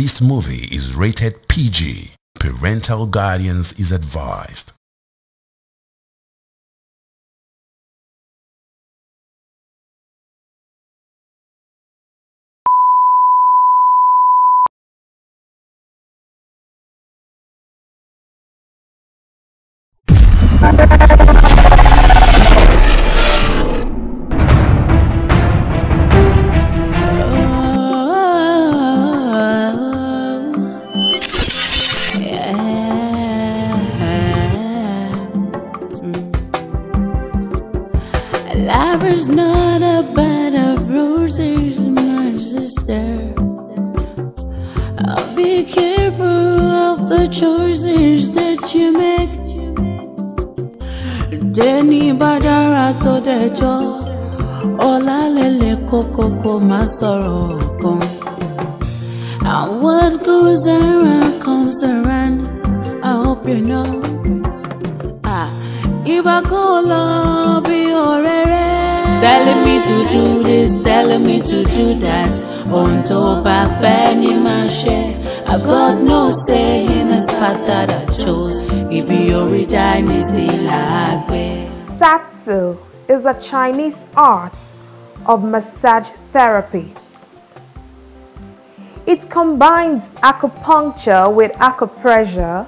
This movie is rated PG. Parental guardians is advised. sorrow come. And what goes around comes around. I hope you know. Ah, Ibakola be already. Telling me to do this, telling me to do that. On top of any man share. I've got no say in this path that I chose. It be already Satsu is a Chinese art of massage therapy. It combines acupuncture with acupressure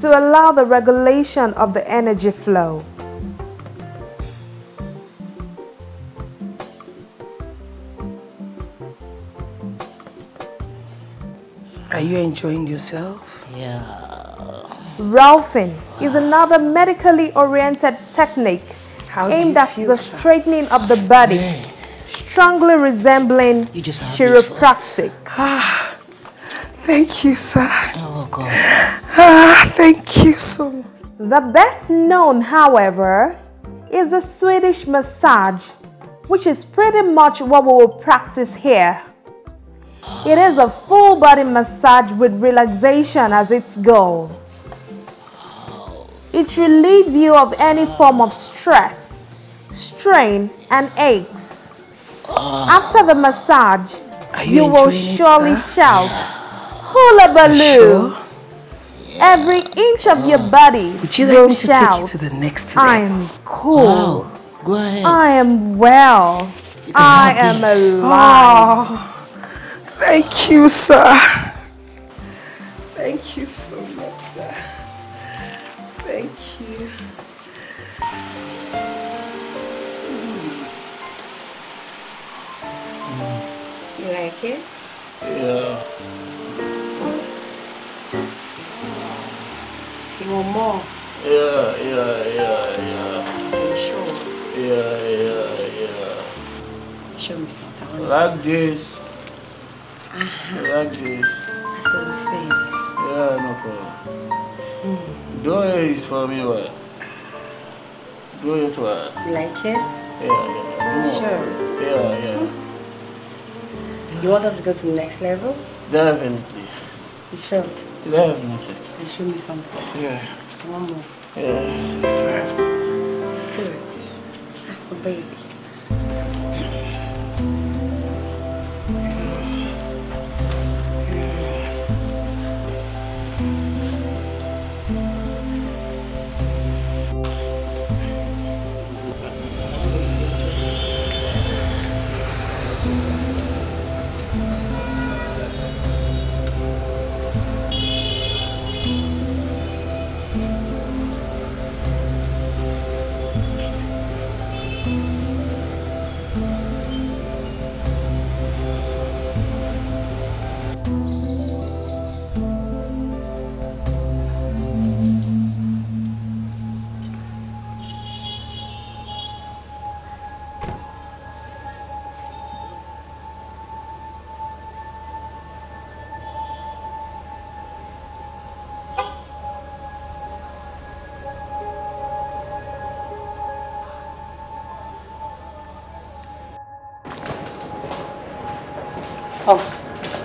to allow the regulation of the energy flow. Are you enjoying yourself? Yeah. Ralphing is another medically oriented technique How aimed at the straightening of the body strongly resembling you just chiropractic. Ah, thank you, sir. You're oh, welcome. Ah, thank you so much. The best known, however, is the Swedish massage, which is pretty much what we will practice here. It is a full body massage with relaxation as its goal. It relieves you of any form of stress, strain, and aches. After the massage, you, you will surely it, shout, hula baloo. Sure? Yeah. Every inch of oh. your body Would you like me to shout, take you to the next level? I'm cool. Wow. Go ahead. I am well. I am this. alive. Oh, thank you, sir. Thank you, sir. okay? Yeah. You want more? Yeah, yeah, yeah, yeah. Are you sure? Yeah, yeah, yeah. Show me something. Like this. Uh -huh. Like this. That's what I'm saying. Yeah, no problem. Mm. Do it for me, what? Do it what? Like it? Yeah, yeah. Do sure. More. Yeah, yeah. Mm -hmm. You want us to go to the next level? Definitely. You sure? Definitely. You show me something. Yeah. One more. Yeah. Good. That's my baby.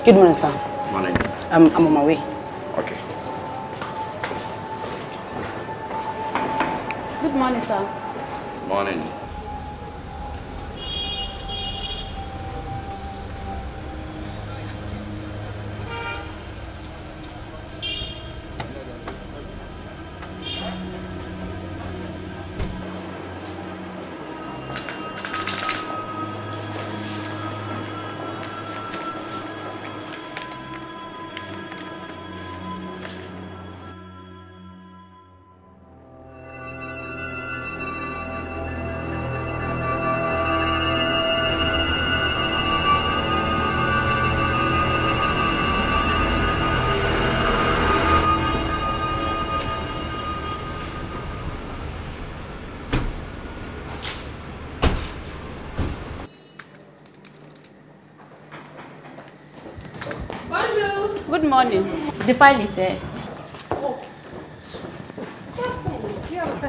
Good morning, sir. Morning. I'm I'm on my way. Okay. Good morning, sir. morning. The file is here.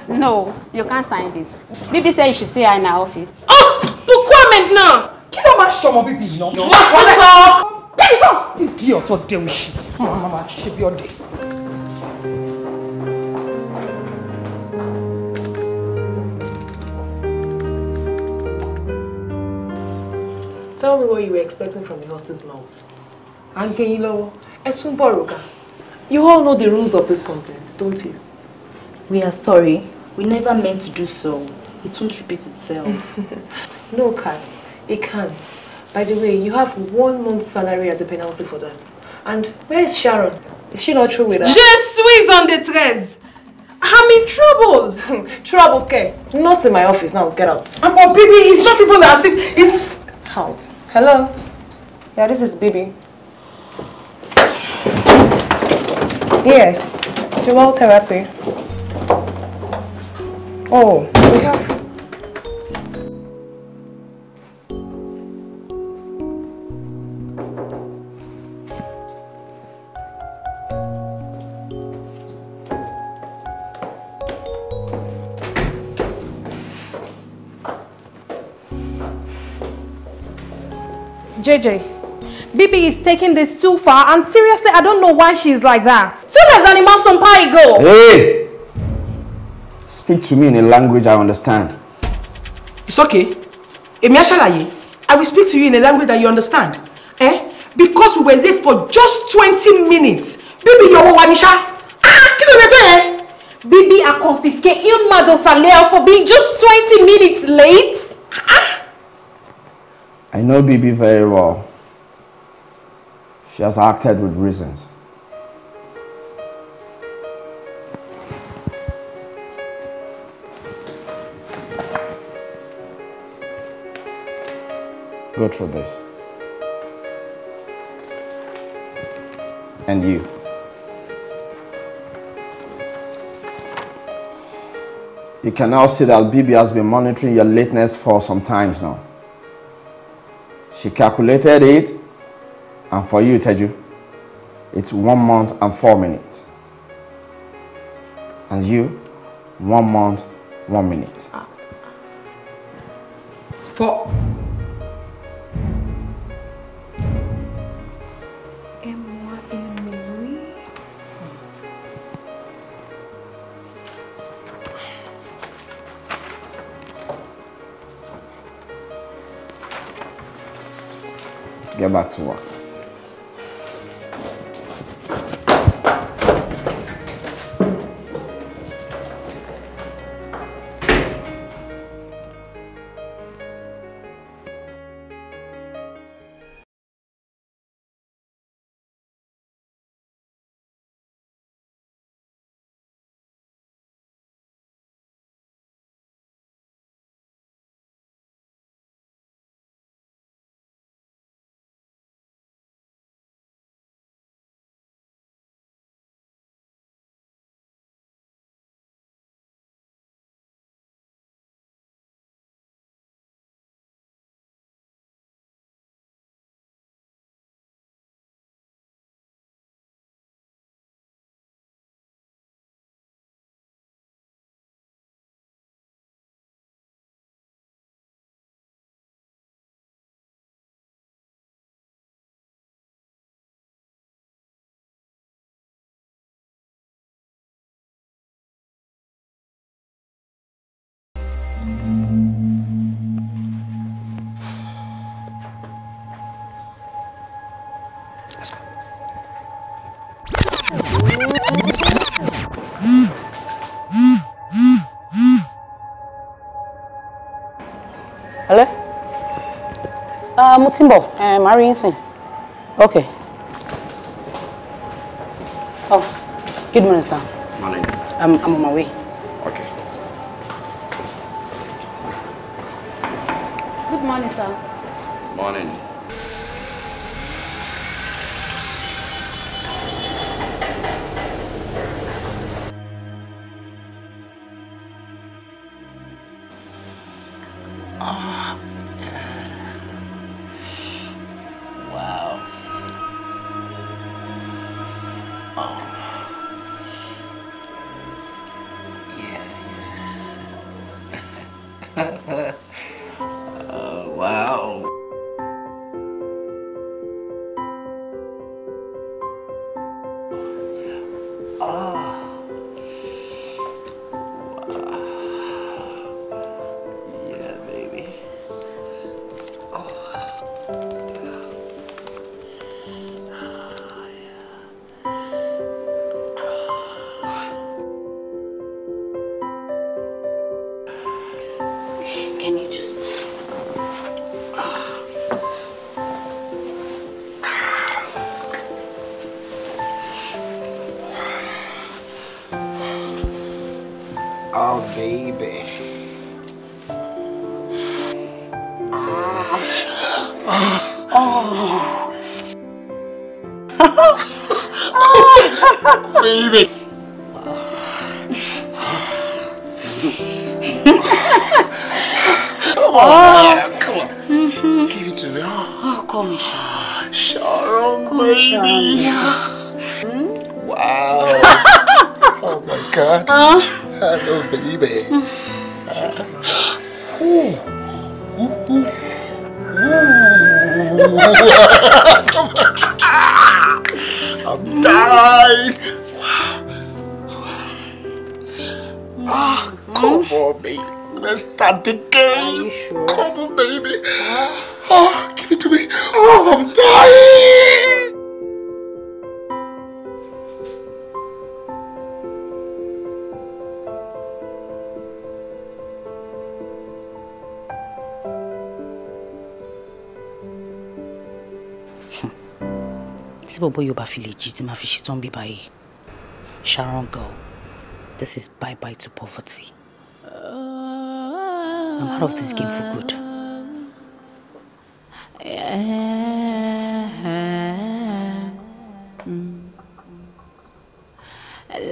No, you can't sign this. Bibi said you should see her in her office. Oh, ah, procurement now. Kí my máa ṣọmọ No. náà? Wọ́n ti sọ. Bẹ́ẹ̀ni sọ. Ìdí ọ̀tọ̀ dẹ oṣù. Mama, she be bí day. Tell me what you were expecting from the horse's mouth. À ń gé Esumbo you all know the rules of this company, don't you? We are sorry. We never meant to do so. It won't repeat itself. no, Kat. It can't. By the way, you have one month's salary as a penalty for that. And where is Sharon? Is she not here with us? Je suis on the tres! I'm in trouble! trouble, okay. Not in my office now, get out. Oh, Bibi, it's not even as if it's... Out. Hello? Yeah, this is Bibi. Yes, dual therapy. Oh, we have JJ, Bibi is taking this too far and seriously, I don't know why she's like that. Students animals Imam Sampai go. Hey! Speak to me in a language I understand. It's okay. Èmi á I will speak to you in a language that you understand. Eh? Because we were late for just 20 minutes. Bíbí yọ̀wọ̀ wa ni Ah! Kí ló dé tó yẹn? Bibi are confiscated Il Mado Saleh for being just 20 minutes late. Ah. I know Bibi very well. She has acted with reasons. God for this. And you. You can now see that Bibi has been monitoring your lateness for some times now. She calculated it, and for you, Teju, it's one month and four minutes. And you, one month, one minute. Four. get back to work. mo ti ń bọ̀ màá rí yín ok oh good morning sir morning I'm, I'm on my way. Okay. Good morning, sir. bóyá o bá fi lè Sharon girl this is bye bye to poverty I'm out of this game for good.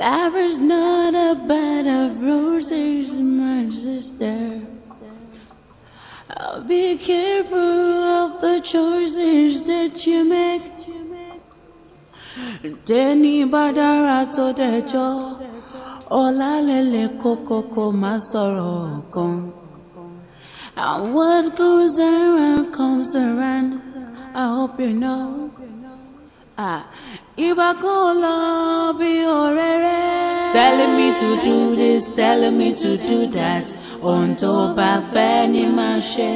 Life is not a bed of roses, my sister. I'll be careful of the choices that you make. Deni bá dára tó dẹjọ́ ọ̀làlẹ̀lẹ̀ kókókó máa sọ̀rọ̀ kan. And what goes around comes around. I hope you know. Ah, ibà kò lọ bí Telling me to do this, telling me to do that. Ohun tó bá fẹ́ ni máa ṣe.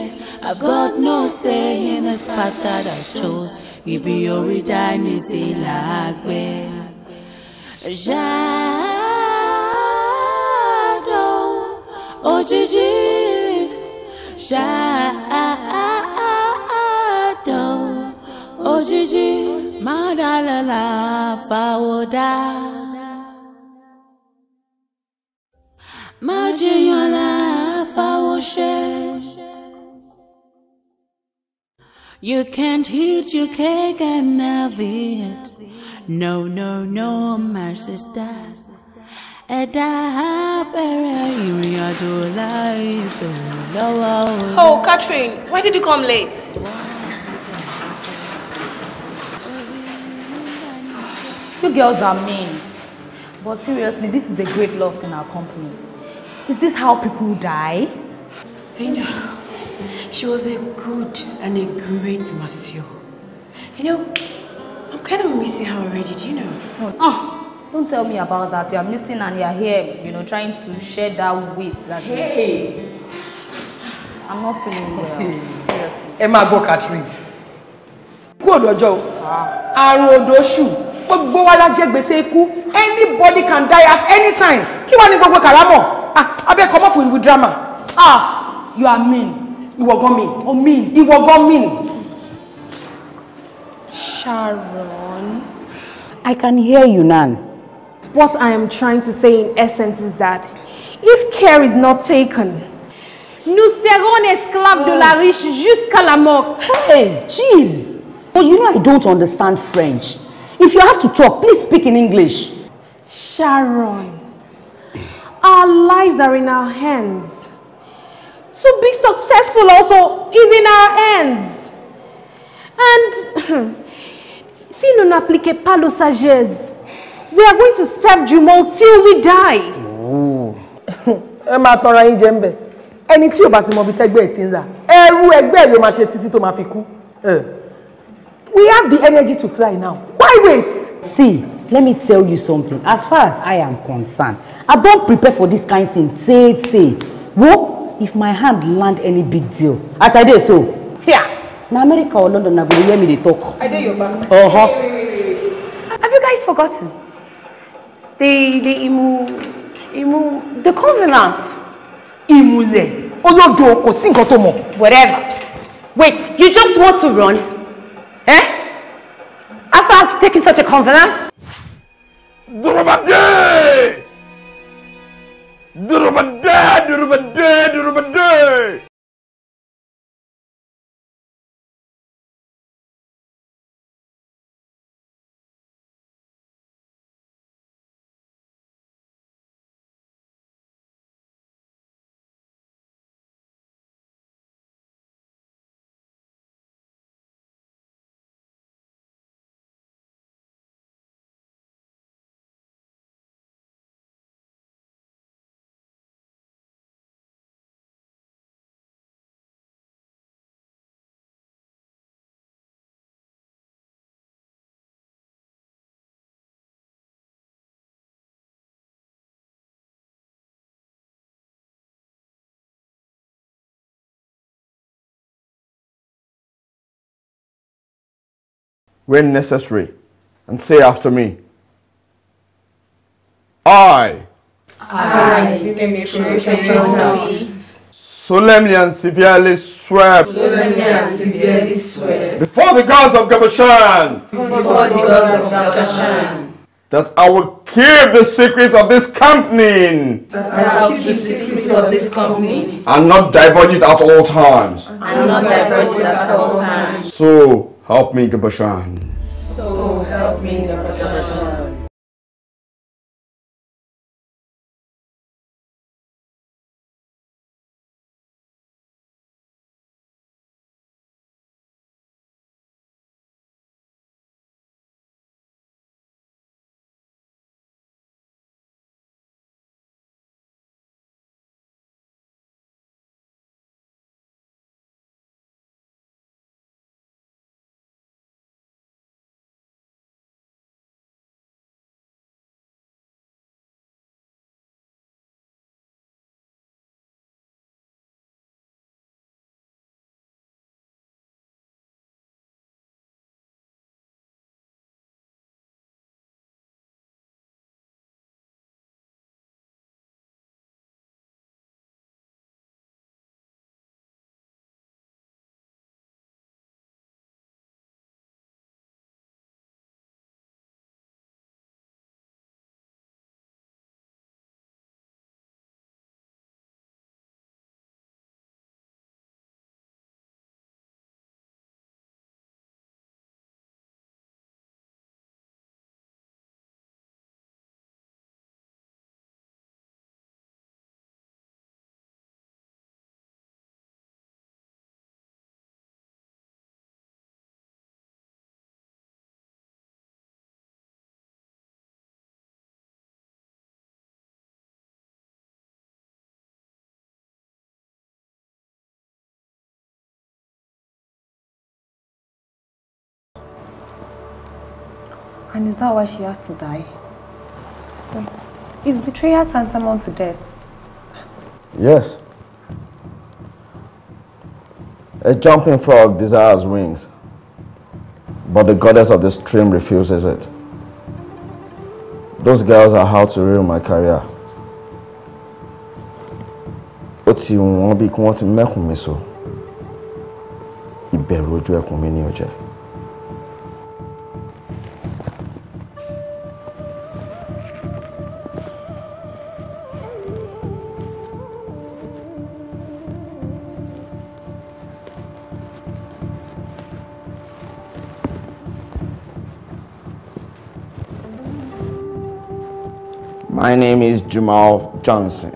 I've got no say in this path that I chose ibi orí dání sí làágbẹ́. ṣáàdó òjijì ṣáàdó òjijì máa dálẹ̀ làbàwọ̀dá. máa jiyàn làbàwọ̀ṣẹ́. You can't eat your cake and have it. No, no, no, my sister. Oh, Catherine, why did you come late? You girls are mean. But seriously, this is a great loss in our company. Is this how people die? I know. She was a good and a great masseur. You know, I'm kind of missing her already, do you know? Oh, don't tell me about that. You're missing and you're here, you know, trying to share that weight. That hey! Is... I'm not feeling well. Seriously. Ẹ Go gbọ́ Catherine. Kú òdòjọ́ o. Àrùn òdòṣù. Gbogbo wa la jẹ gbèsè ikú. Anybody can die at any time. Kí wá ní gbogbo kàrámọ̀? Ah, abẹ́ come off with drama. Ah, you are mean. ìwọ gan mi. me. mean. ìwọ gan mean. Sharon, I can hear you now. What I am trying to say in essence is that if care is not taken, nous serons esclaves de la riche jusqu'à la mort. Hey, jeez. But you know I don't understand French. If you have to talk, please speak in English. Sharon, our lives are in our hands. to be successful also is in our hands. And si nous n'appliquons pas le sagesse, we are going to serve Jumo till we die. Ẹ máa tọrọ yín jẹ ń bẹ̀. Ẹni tí ò bá ti mọ ibi tẹ́gbẹ́ ẹ̀ ti ń rà, ẹrú ẹgbẹ́ ẹ̀ ló máa ṣe títí tó máa fi We have the energy to fly now. Why wait? See, let me tell you something. As far as I am concerned, I don't prepare for this kind of thing tey say. Wo if my hand land any big deal as i dey so here na america or london na go hear me dey talk. i dey your back. Uh -huh. wait, wait, wait, wait. have you guys forgotten the the imu imu the covenant. imule olodo kò sí nǹkan tó mọ. whatever wait you just want to run eh? after taking such a covenant. Durobade! Durubade, Durubade, Durubade. when necessary, and say after me, I, I solemnly and severely swear, solemnly and severely swear before the gods of Gabashan, before the gods of Gabashan, that I will keep the secrets of this company. That I will keep the secrets of this company. And not divulge it at all times. And not divulge it at all times. So Help me, Gabashan. So help me, Gabashan. And is that why she has to die? Is betrayal tantamount to death? Yes. A jumping frog desires wings, but the goddess of the stream refuses it. Those girls are how to ruin my career. ó you wọ́n bí kí wọ́n ti mẹ́kùn you? so ìbẹ̀rù ojú ẹkùn mi My name is Jamal Johnson.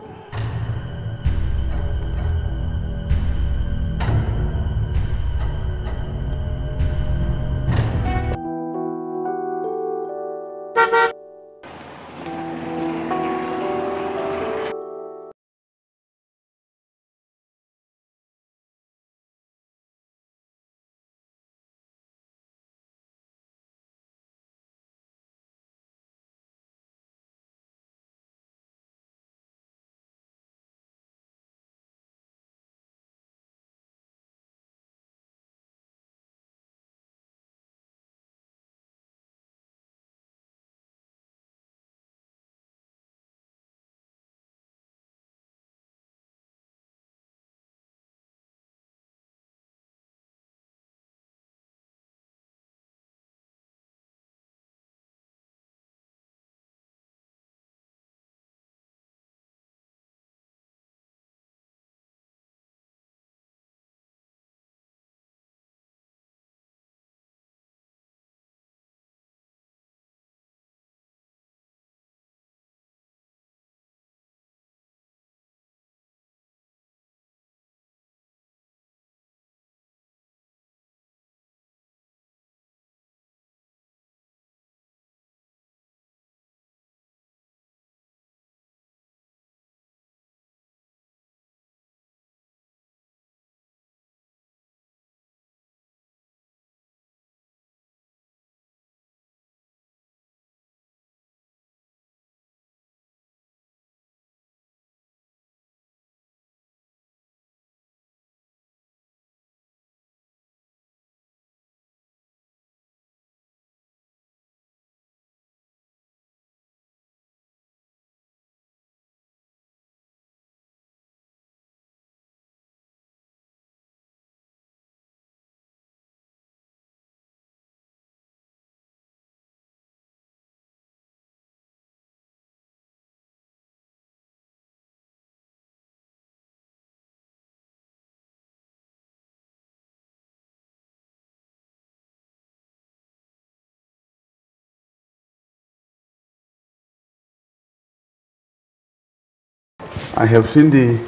I have seen the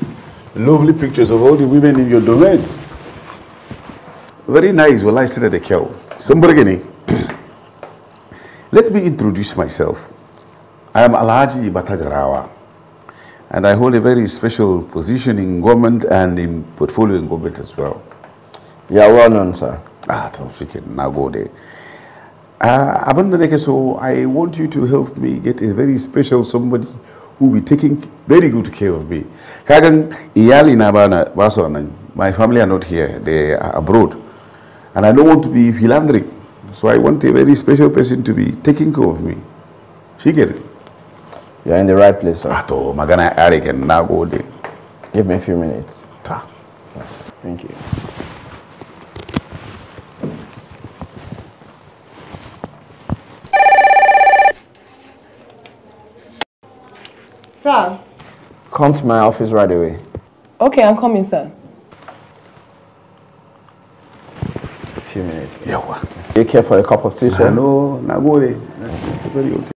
lovely pictures of all the women in your domain. Very nice. Well, I said at the cow. Somebody, let me introduce myself. I am Alaji Batagarawa, and I hold a very special position in government and in portfolio in government as well. Yeah, well known, sir. Ah, forget. now go there. Uh, ah, Abandoneke, so I want you to help me get a very special somebody who be taking very good care of me kagan iyali na ba my family are not here they are abroad and i don't want to be philandering so i want a very special person to be taking care of me she it you're in the right place sir ato magana are and nagode give me a few minutes ta thank you Sir. Come to my office right away. Okay, I'm coming, sir. A few minutes. Yeah. Take care for a cup of tea, sir. Uh -huh. No, Nagore. That's, that's very okay.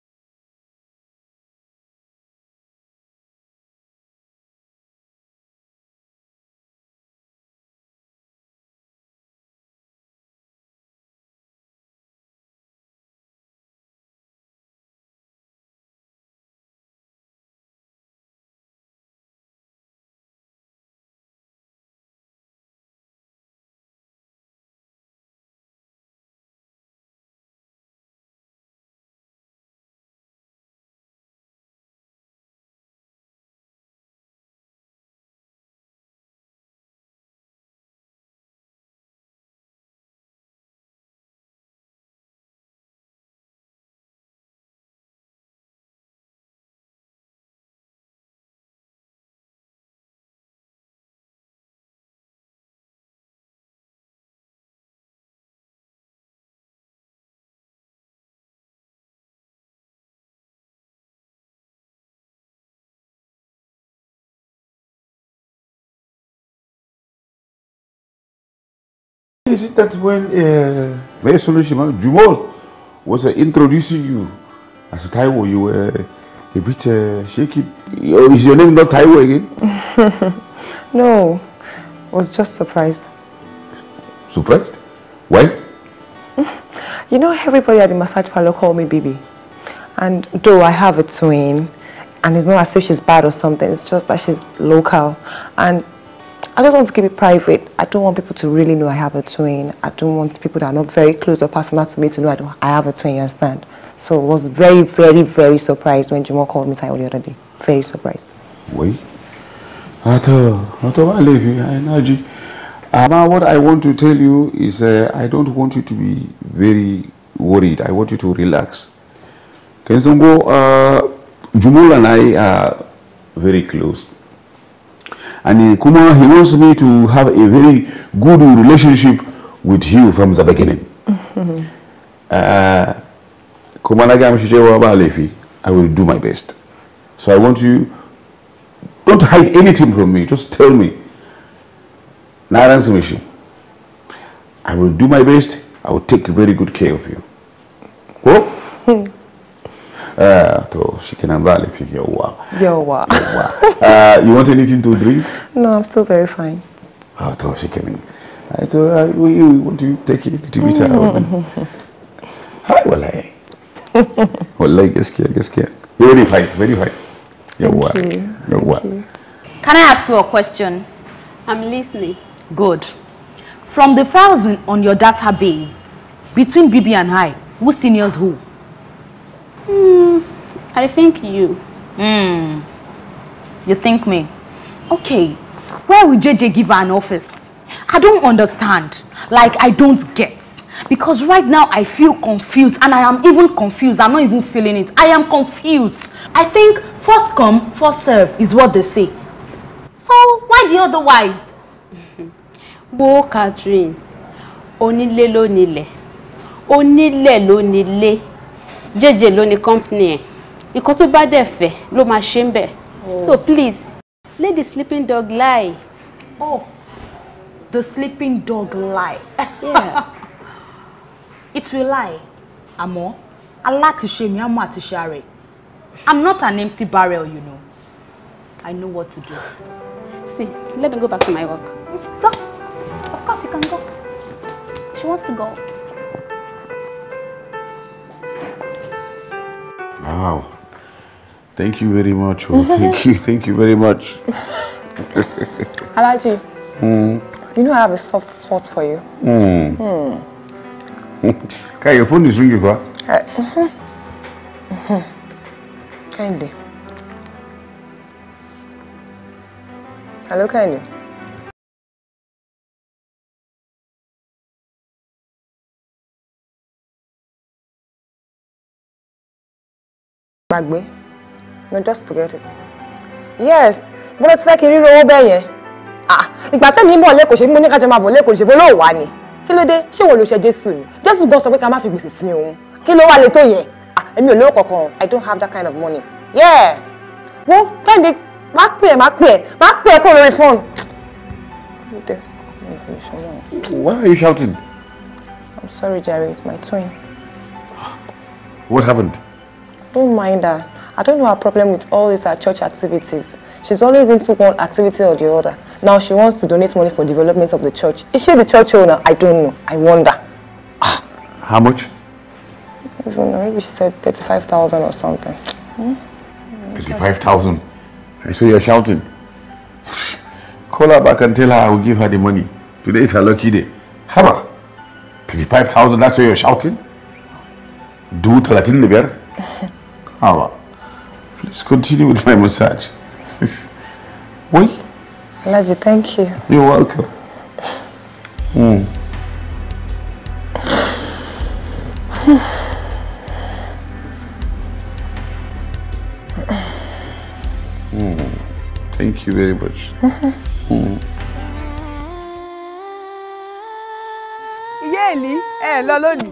Is it that when uh, solution, Solishima Jumol was uh, introducing you as a Taiwo, you were a bit uh, shaky? Oh, is your name not Taiwo again? no, I was just surprised. Surprised? Why? You know, everybody at the massage parlor call me Bibi. And though I have a twin, and it's not as if she's bad or something, it's just that she's local. And I just want to keep it private. I don't want people to really know I have a twin. I don't want people that are not very close or personal to me to know I, don't, I have a twin, you understand? So I was very, very, very surprised when Jimo called me the other day. Very surprised. Wait. At all, Not all, I leave you. energy. Ama, what I want to tell you is uh, I don't want you to be very worried. I want you to relax. Kenzongo, uh, Jumul and I are very close and kuma he wants me to have a very good relationship with you from the beginning mm-hmm. uh, kuma i will do my best so i want you don't hide anything from me just tell me Now, ransu mishi i will do my best i will take very good care of you uh, to can ba laifin yawwa yawwa yawwa you want anything to drink no i'm still very fine oh to shikenan I told her, you want to take it to meet her. Hi, guess? wallahi guess? gaskiya. Very fine, very fine. Yawwa. you. Can I ask you a question? I'm listening. Good. From the thousand on your database, between Bibi and I, who seniors who? Hmm. I think you. Hmm. You think me? Okay. Where would JJ give her an office? I don't understand. Like, I don't get. Because right now I feel confused and I am even confused. I'm not even feeling it. I am confused. I think first come, first serve is what they say. So, why the otherwise? Wo Catherine, onílé ló nílẹ̀, onílẹ̀ ló nílé, JJ lo ni company ìkan tó bá dẹ̀ fẹ́ ló máa ṣe ń oh. so please let the sleeping dog lie. oh the sleeping dog lie. yeah. it will lie àmọ́ alátiṣe mi àmọ́ àtiṣe rẹ̀ i'm not an empty barrel you know i know what to do. see let me go back to my work. go of course you can go she wants to go. Wow. Thank you very much. Oh, thank you. Thank you very much. Alaji, mm. you know I have a soft spot for you. Mm. Mm. Kai, your phone is ringing, ba? Uh, mm-hmm. Mm-hmm. Hello, Kende. Gbàgbé no just forget it yes mo lọ ti fẹ́ kí n ríro owó bẹ́ẹ̀ yẹn ah, ìgbà tẹ́mi mọ̀ lẹ́kọ̀ọ́ ṣe bí mo ní kájọ máa bọ̀ lẹ́kọ̀ọ́ ṣe bó lóò wá ni kí ló dé ṣé wo ló ṣe jésù ni jésù gan sọ pé ká má fi gbèsè sin òun kí ló wà lè tó yẹn ah, èmi ò i don't have that kind of money yeah wo kẹ́hìndé má Mark ẹ́ Mark pè Mark má Call ẹ́ phone. why are you shouting. i'm sorry jerry it's my twin. what happened. don't mind her. I don't know her problem with all these her uh, church activities. She's always into one activity or the other. Now she wants to donate money for development of the church. Is she the church owner? I don't know. I wonder. Ah, how much? I don't know. Maybe she said 35,000 or something. Hmm? 35,000? I saw you're shouting. Call her back and tell her I will give her the money. Today is her lucky day. about 35,000, that's why you're shouting? Do 30 How about? Let's continue with my massage. Wait. Alaji, thank you. You're welcome. Mm. mm. Thank you very much. mm. Ìyá Èlí, ẹ lọ lónìí,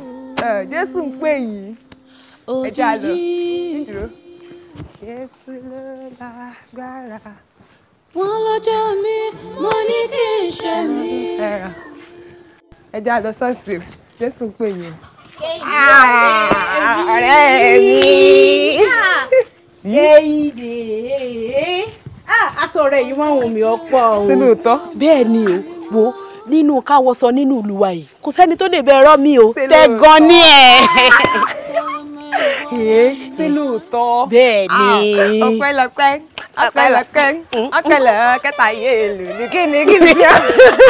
Jésù ń pè yín, ẹ Jésù ló lágbára. Ah, ah, nínú ìlú wa yìí, kò sẹ́ni tó lè bẹ ẹ̀rọ mi o. Tẹ gan ni ẹ̀. ṣé lóòótọ́. bẹ́ẹ̀ni. ọpẹ́lọpẹ́ ọpẹ́lọpẹ́ ọkẹlẹ kẹta yé èlò ní kíni kíni tí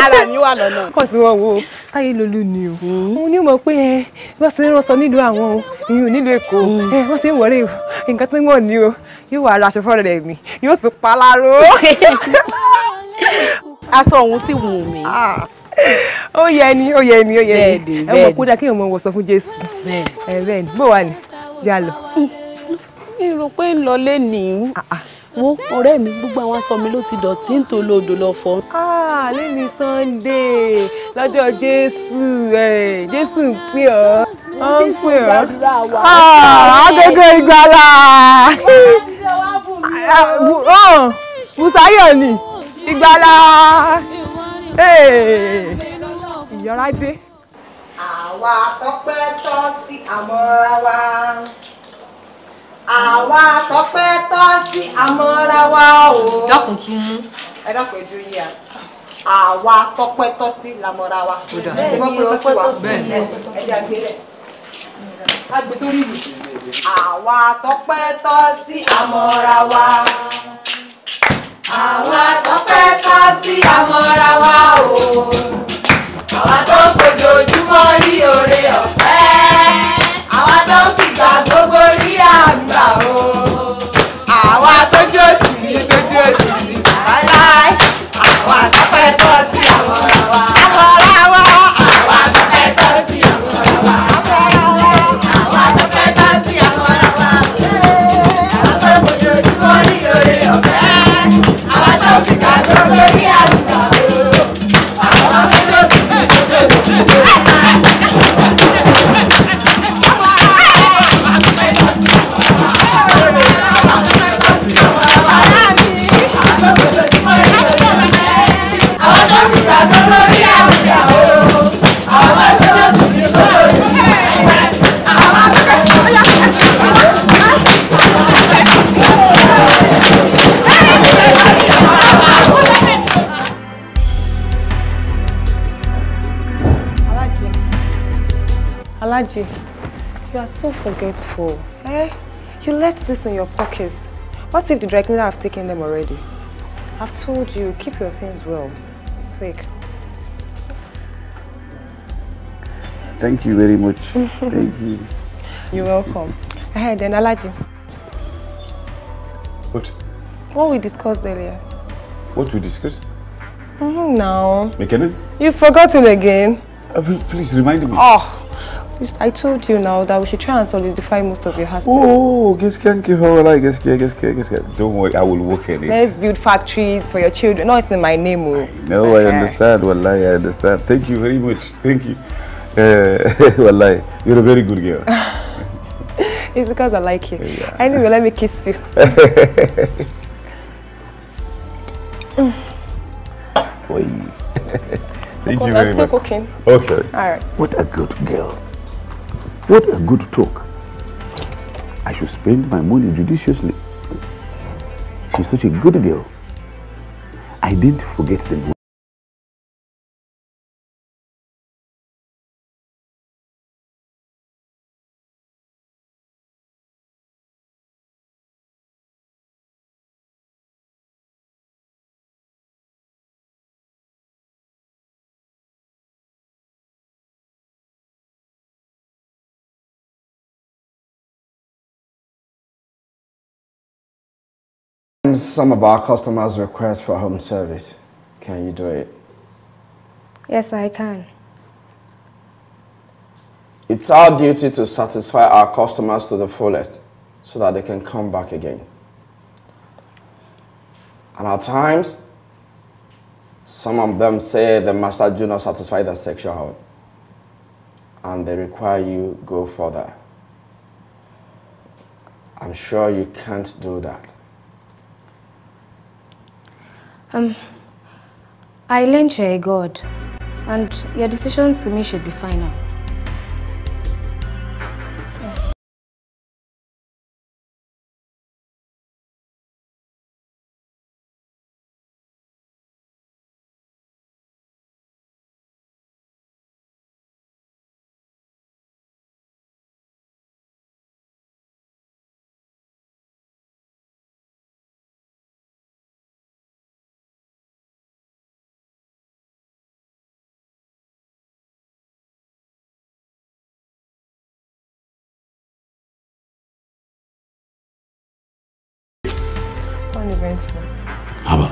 ara mi wà lọ́nà. kò sí wọn wo táyé lolú ni o òun ni mo pé ẹ wọ́n ti ń rán sọ nílùú àwọn o ìyún nílùú èkó ẹ wọ́n ti ń wọlé o nǹkan tó ń wọ̀ ni o yóò wà lọ aṣọ fọ́ọ̀rọ̀ rẹ̀ mi yóò tún pa láró. aṣọ òun sì wù mí ó yẹ ni ó yẹ ni ó yẹ ni ẹ mọ̀ kó dáa kéèyàn mọ̀ wọ̀ sọ fún Jésù bẹ́ẹ̀ ni bó wà ni yà lọ. mi rò pé ń lọ lénìí. Ah, ah. wo ọ̀rẹ́ mi gbogbo àwọn aṣọ mi ló ti dọ̀tí ń tó lọ fọ. Ah, lẹ́ni Sunday lọ́jọ́ Jésù Jésù ń pè ọ́ ó ń pè ọ́ agogo ìgbàlà Bùsáyọ̀ oh, ni ìgbàlà ìyọ̀rá dé àwa tọpẹ́ tọ́ sí àmọ́ra wa àwa tọpẹ́ tọ́ sí àmọ́ra wa o. dákun tún mú. ẹ dákun ẹjọ yìí à àwa tọpẹ́ tọ́ sí làmọ́ra wa. bẹ́ẹ̀ ni ọpẹ́ tọ́ sí bẹ́ẹ̀ ni ẹ jẹ́ àgbélẹ̀ agbe sórí ìlú. àwa tọpẹ́ tọ́ sí àmọ́ra wa. àwa tọpẹ́ tọ́ sí àmọ́ra wa o. àwa tọpẹ́. Gloria. so forgetful. Eh? You left this in your pocket. What if the dry cleaner have taken them already? I've told you, keep your things well. Take. Thank you very much. Thank you. You're welcome. Ahead eh, then, Alaji. What? What we discussed earlier. What we discussed? Mm, mm-hmm, no. McKinnon? You've forgotten again. Uh, please remind me. Oh. I told you now that we should try and solidify most of your house. Oh, gasken Guess, gasken, guess, gasken. Don't worry, I will work on it. Let's build factories for your children. No, it's in my name, oh. No, I understand, wallahi, I understand. Thank you very much. Thank you. Uh, wallahi, you're a very good girl. it's because I like you. Yeah. Anyway, let me kiss you. Thank you very much. Okay. All right. What a good girl. What a good talk. I should spend my money judiciously. She's such a good girl. I didn't forget money. some of our customers request for home service. Can you do it? Yes, I can. It's our duty to satisfy our customers to the fullest so that they can come back again. And at times, some of them say the master do not satisfy their sexual health and they require you go further. I'm sure you can't do that. Um, I learned you're a god, and your decision to me should be final. for. Haba,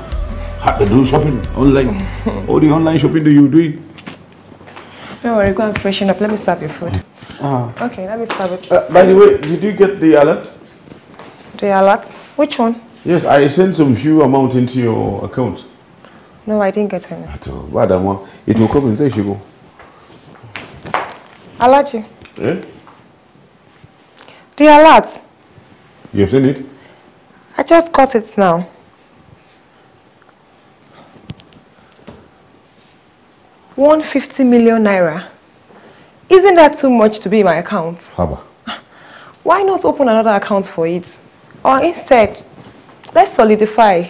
had to do shopping online. All the online shopping do you do Don't worry, go and freshen up. Let me serve your food. Ah. Okay, let me serve it. Uh, by the way, did you get the alert? The alert? Which one? Yes, I sent some few amount into your account. No, I didn't get any. At all. Bad amount. It will come in. There you Alert you? Eh? The alert. You've seen it? I just got it now. 150 million naira. Isn't that too much to be in my account? Haba. Why not open another account for it? Or instead, let's solidify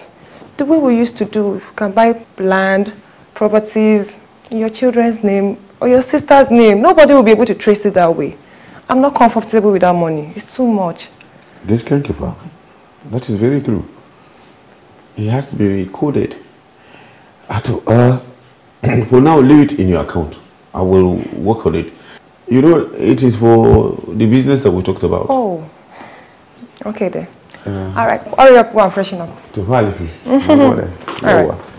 the way we used to do. You can buy land, properties, your children's name, or your sister's name. Nobody will be able to trace it that way. I'm not comfortable with that money. It's too much. This caregiver, that is very true. It has to be recorded. At, uh, will now leave it in your account. I will work on it. You know, it is for the business that we talked about. Oh, okay then. Uh, All right, hurry up, go and freshen up. To mm-hmm. All right.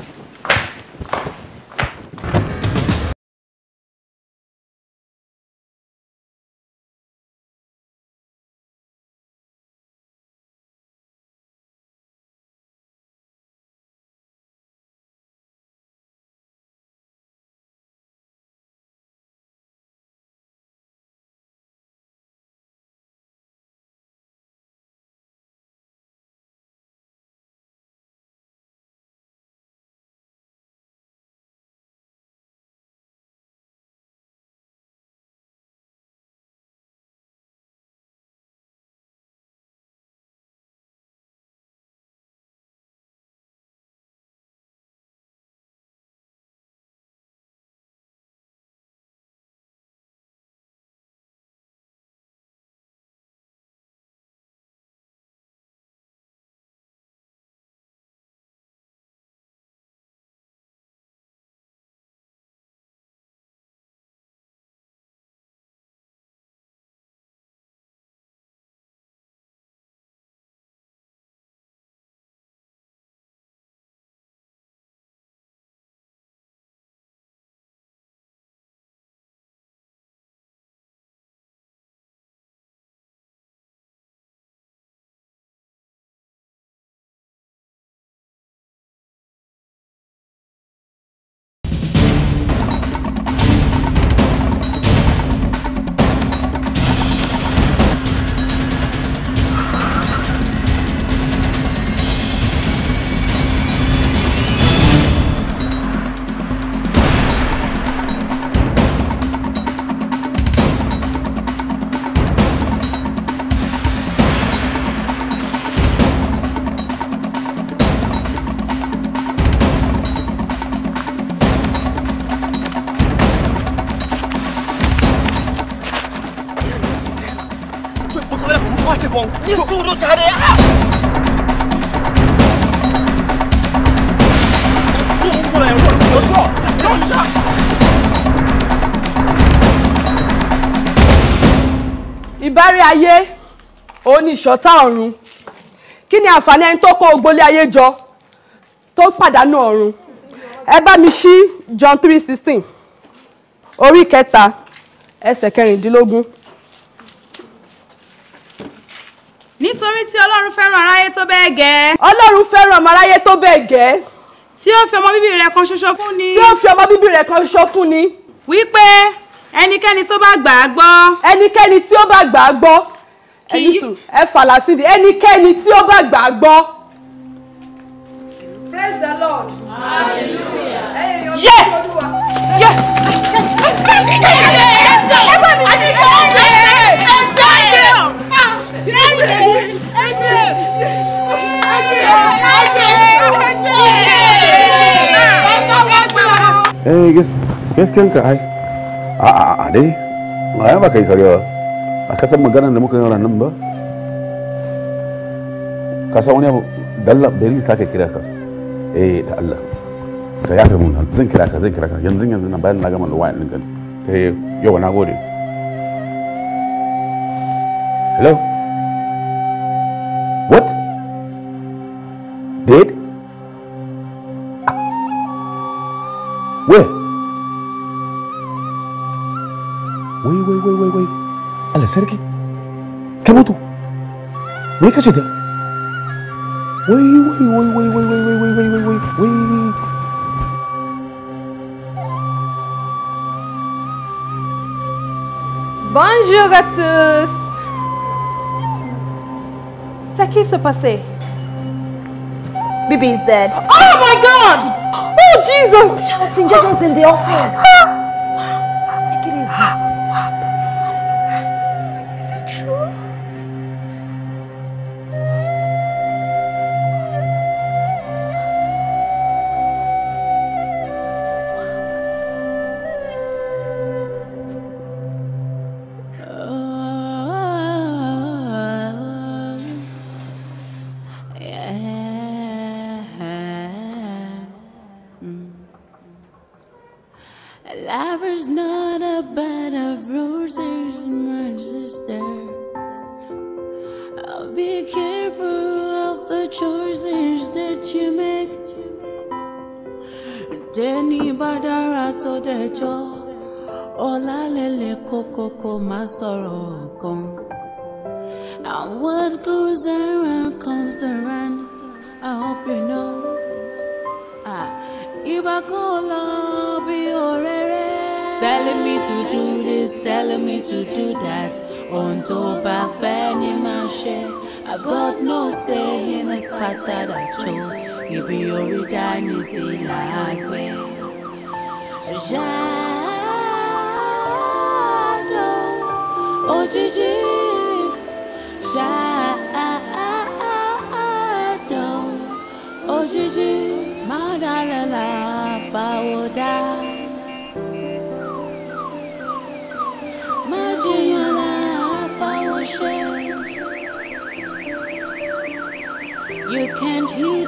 ní sùúrù jàre. kó o kúrò ẹ̀rọ ìgbòho lọ́jà. ìbárí ayé òun ni ìṣọ̀tá ọ̀run kí ni àǹfààní ẹni tó kó ogbolé ayé jọ tó pàdánù ọ̀run ẹ bá mi ṣí John three orí kẹta ẹsẹ̀ kẹrìndínlógún. nítorí tí ọlọ́run fẹ́ràn aráyé tó bẹ́ẹ̀ gẹ́. ọlọ́run fẹ́ràn ọmọ aráyé tó bẹ́ẹ̀ gẹ́. tí ó fi ọmọ bíbí rẹ̀ kan ṣoṣo fún ni. tí ó fi ọmọ bíbí rẹ̀ kan ṣoṣo fún ni. wípé ẹnikẹ́ni tó bá gbà á gbọ́. ẹnikẹ́ni tí ó bá gbà á gbọ́. ẹni sùn ẹ fàlà sídi ẹnikẹ́ni tí ó bá gbà á gbọ́. praise the lord. hallelujah. ẹ yẹ yẹ yẹ ẹ bá mi. eh ka ai a a a dai ba karewa a maganar da muka yi ranar ba wani abu dalla sake kira ka eh da Allah ka zan kira ka zan kira ka yanzu yanzu na bayan na gama da wayan ɗin ka eh yau na gode hello Oi, oi, oi, oi, oi, oi, oi, oi, oi, oi, oi, oi. wai Bonjour à tous C'est qui se passé Bibi is dead. Oh my god! Oh Jesus! Shouting judges in the office!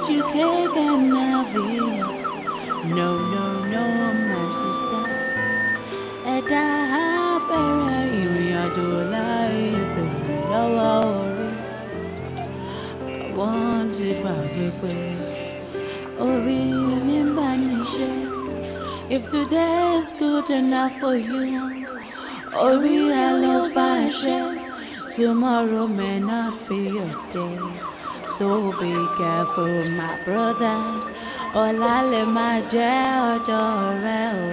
you never ganaviat No, no, no, mercy stop Ẹ̀dá abẹ́rẹ́ ìrìn àjò láì bèrè lọ́wọ́ orí Àwọn ti gbàgbé pé orí mi bá If today is good enough for you Orí oh, ẹ are bá ṣe Tomorrow may not be your day so be careful, my brother. Ọ̀la lè máa jẹ́ ọjọ́ rẹ o.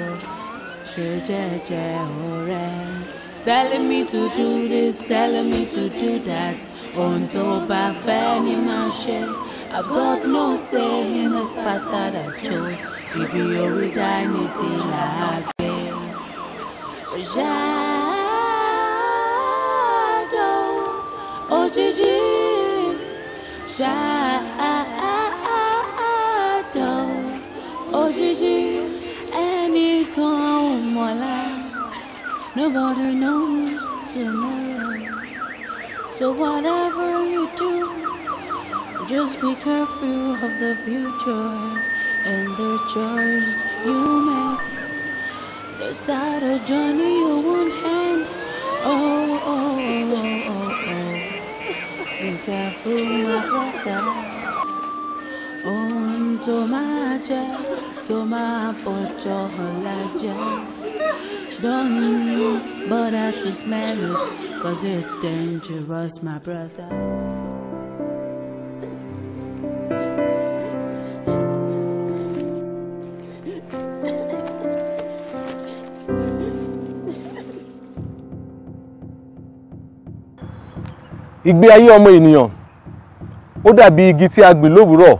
Ṣe jẹ́jẹ́ ọ̀rẹ́. Telling me to do this, telling me to do that. On tó of any ni ṣe. I've got no say in this spot that I chose. Ibi orí dání sí làágbé. Shadow, òjijì. J'adore Aujourd'hui, any come là Nobody knows tomorrow So whatever you do Just be careful of the future And the choice you make Start a journey you won't end Oh, oh, oh, oh. oh. Ekafumakwaka Om tomaja Toma pochoholaja Don't bother to smell it Cause it's dangerous my brother ìgbé ayé ọmọ ènìyàn ó dàbí igi tí a gbìn lówùúrọ̀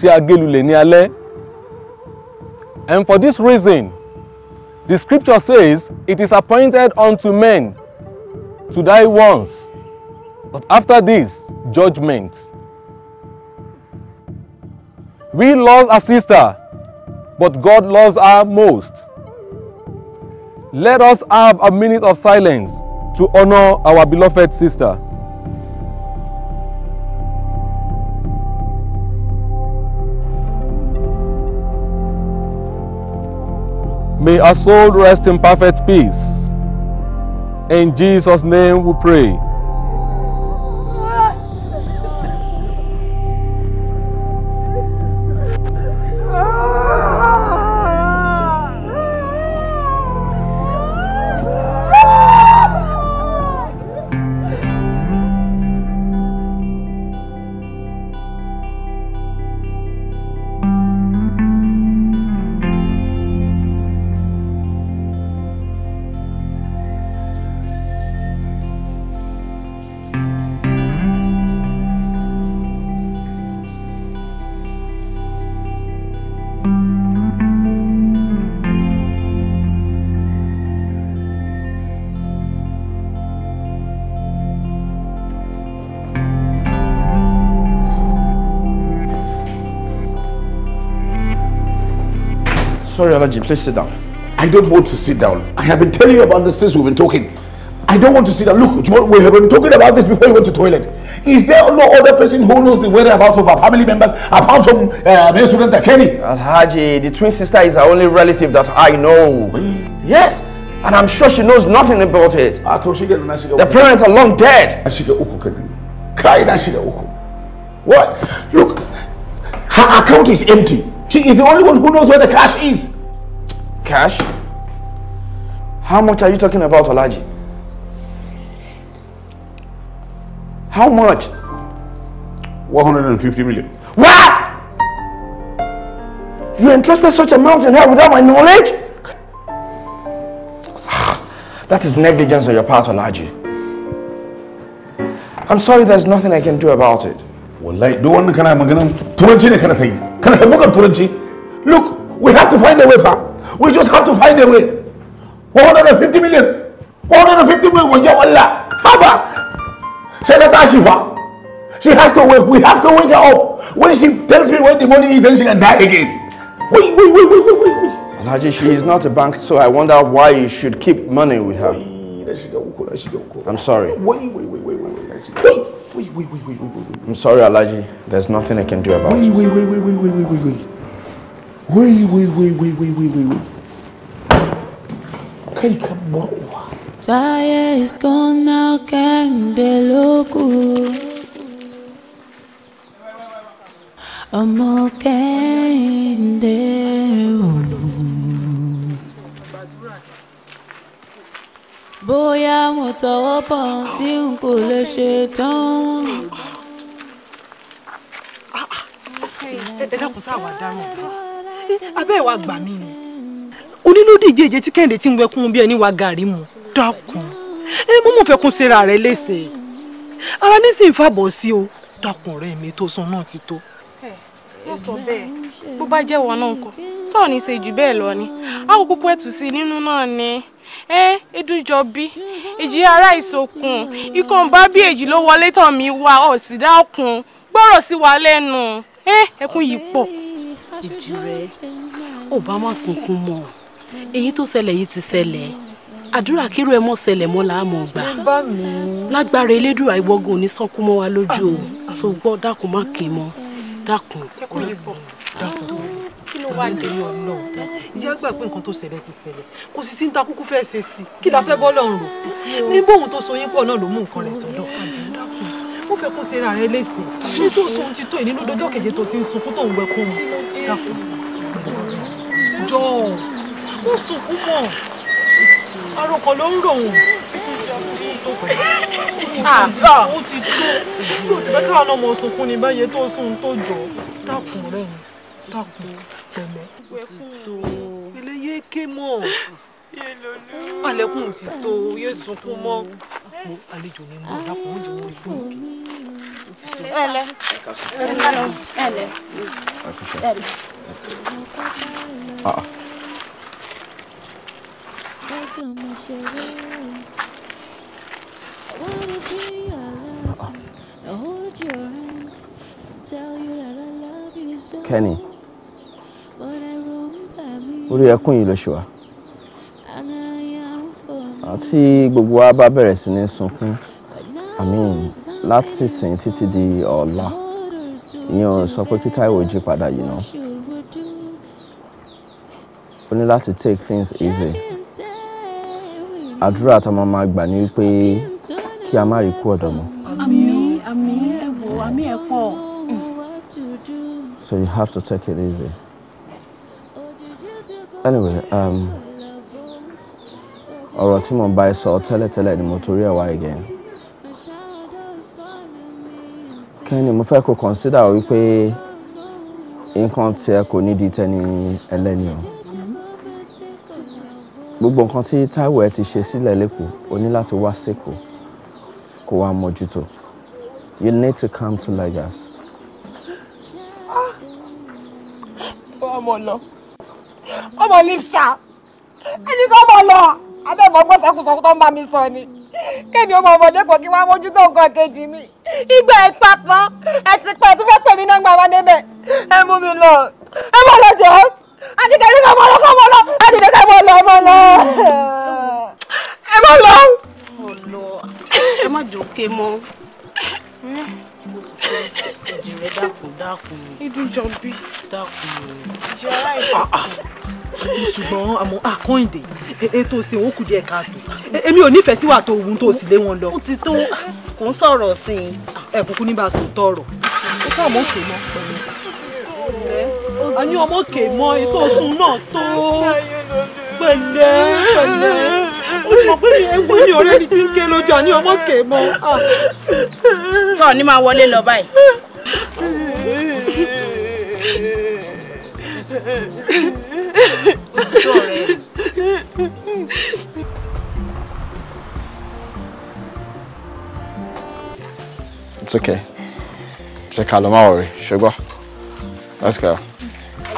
tí a gé lulẹ̀ ní alẹ́ and for this reason the scripture says it is appointed unto men to die once but after this judgment we love our sister but God loves her most let us have a minute of silence to honor our beloved sister. May our soul rest in perfect peace. In Jesus' name we pray. Babaji, please sit down. I don't want to sit down. I have been telling you about this since we've been talking. I don't want to sit down. Look, we have been talking about this before you went to toilet. Is there no other person who knows the whereabouts of our family members apart from uh, President Kenny? Alhaji, the twin sister is our only relative that I know. Yes, and I'm sure she knows nothing about it. The parents are long dead. What? Look, her account is empty. She is the only one who knows where the cash is. Cash? How much are you talking about, Olaji? How much? 150 million. What? You entrusted such a in here without my knowledge? That is negligence on your part, Olaji. I'm sorry, there's nothing I can do about it. I do one kana maganan turanci ne kana ta yi. Kana ta buga turanci. Look, we have to find a way, back. We just have to find a way. 150 million. 150 million will your Allah. Haba. Senator Shiva. She has to wake. We have to wake her up. When she tells me where the money is, then she can die again. Wait, wait, wait, wait, wait, wait. Alhaji, she is not a bank, so I wonder why you should keep money with her. I'm sorry. Wait, wait, wait, wait, wait, wait. Wait, wait, wait, wait, wait, wait. I'm sorry, Alhaji. There's nothing I can do about it. Wait, wait, wait, wait, wait, wait, wait, wait wai is gone now, kẹ́hìndé ló kù. Ọmọ kẹ́hìndé òun. Bóyá mo tọwọ́ bọ̀ tí n kò abẹ́ ìwà gbà mí ni onílódì ìjẹ́jẹ tí kẹ́hìndé tí ń wẹkún bí ẹni wa gàrí mu dákun ẹ mú mọ̀ fẹ́ kún síra rẹ léṣe ara ní sì ń fàbọ̀ sí o dákun rẹ mi tó san náà ti tó. yóò sọ bẹ́ẹ̀ bó bá jẹ́wọ́ náà kọ sọọ ní ṣe jù bẹ́ẹ̀ lọ ni àwọn púpọ̀ ẹtù sí nínú náà ni ẹ edunjọ bí èjì ara ìsokùn ikọ̀ ń bá bí èjì ló wọlé tàn mí wá ọ̀ dákun gbọ́rọ̀ sí wa lẹ́nu ẹ ẹkún yìí pọ̀ ìdí rẹ ò bá má sunkún mọ́ èyí tó ṣẹlẹ̀ yìí ti ṣẹlẹ̀ àdúrà kírò ẹ mọ́ ṣẹlẹ̀ mọ́ làámọ gbà lágbára elédùà ìwọgùn ní sọkún mọ́ wa lójú o tó gbọ́ dákun má kì í mọ́ dákun kí ló wá dé yọ lọ ǹjẹ́ gbà pé nǹkan tó ṣẹlẹ̀ ti ṣẹlẹ̀ kò sì sí ń ta kúkú ṣe sí kí la fẹ́ bọ́ lọ́rùn níbo òun tó so yín pọ̀ náà ló mú nǹkan rẹ̀ sọ́dọ̀ ó fẹ́ kó ṣera rẹ léṣe ní tó sọ ohun ti tó ìnínú dọjọ́ keje tó ti ń sunkún tó ń wẹkún mu dákun pẹ̀lú ọ̀rẹ́ jọ ó sunkún mọ́ arọkọ̀ ló ń rò wọ́n ó ti tó ó ti fẹ́ káwọn ọmọ sunkún ní báyẹn tó sùn tó jọ dákun rẹ̀ dákun pẹ̀lẹ́ eléyé ké mọ́ alẹ́kùn ti tó yé sunkún mọ́ mo ni mo dàpọ̀ oúnjẹ mo fún mi. ẹlẹ ẹlẹ ẹlẹ ẹlẹ. Kenny, orí ẹkún yìí ló ṣe wá àti gbogbo wa bá bẹ̀rẹ̀ sí ní sunkún àmín láti sìn títí di ọ̀la ìyẹn ò sọ pé kí Táíwò jí padà yìí ná ó ní láti take things easy àdúrà tá a máa máa gbà ní pé kí a má rí kú ọ̀dọ̀ mọ́. àmín àmín ẹ wò àmín ẹ pọ̀. So you have to take it easy. Anyway, um, ọ̀rọ̀ tí mo bá ẹ sọ tẹ́lẹ̀tẹ́lẹ̀ ni mo torí ẹ̀ wá again. kẹ́ni mo fẹ́ kó consider wípé nǹkan tí ẹ kò ní di tẹni ẹlẹ́ni o gbogbo nǹkan tí Táíwò ẹ ti ṣe sílẹ̀ lẹ́kọ̀ọ́ o ní láti wá sẹ́kọ̀ọ́ kó wá mójútó you need to come to Lagos. ọmọ lọ ọmọ leave ẹni kọ́ ọmọ lọ abẹ́mọ̀ gbọ́ sọkúsọkú tó ń bá mi sọ ni kémi ọmọ ọmọdé kò kí wá mójútó nǹkan kejì mi ìgbà ẹ pa kan ẹ ti pẹ́ tó fẹ́ pè mí náà gbà wá débẹ̀ ẹ mú mi lọ ẹ mọ̀ lọ jọ àti kẹ́mi kọ́ mọ́ lọ kọ́ mọ́ lọ ẹ dìde kẹ́ mọ́ lọ ẹ lọ ẹ mọ́ lọ. ọlọ ẹ má jókè mọ ìdí rẹ dákun dákun ìdí jọ bí dákun ìjọra ìdí. Ah, ah ṣùgbọ́n àmọ́ àkọ́yìndé ah, ètò ìsìn òkú díẹ̀ káàtó èmi ò nífẹ̀ẹ́ sí wà tó ohun tó sì lé wọn lọ. ó ti tó kò ń sọ̀rọ̀ sí i. Ah, ẹ kúkú ní bá a sùn tọrọ ó fún àmọ́ òkè mọ́ pẹ̀lú. a ní ọmọ òkè mọ ètò òsùn náà tó pẹ̀lẹ́ ó sọ pé ewu ni ọ̀rẹ́ mi ti ń ké lójú a ọmọ òkè mọ. Ah. sọ ni máa wọlé lọ báyìí. Hehehehe It's okay. Ṣé ká lọ máa wọ̀rí? let's go.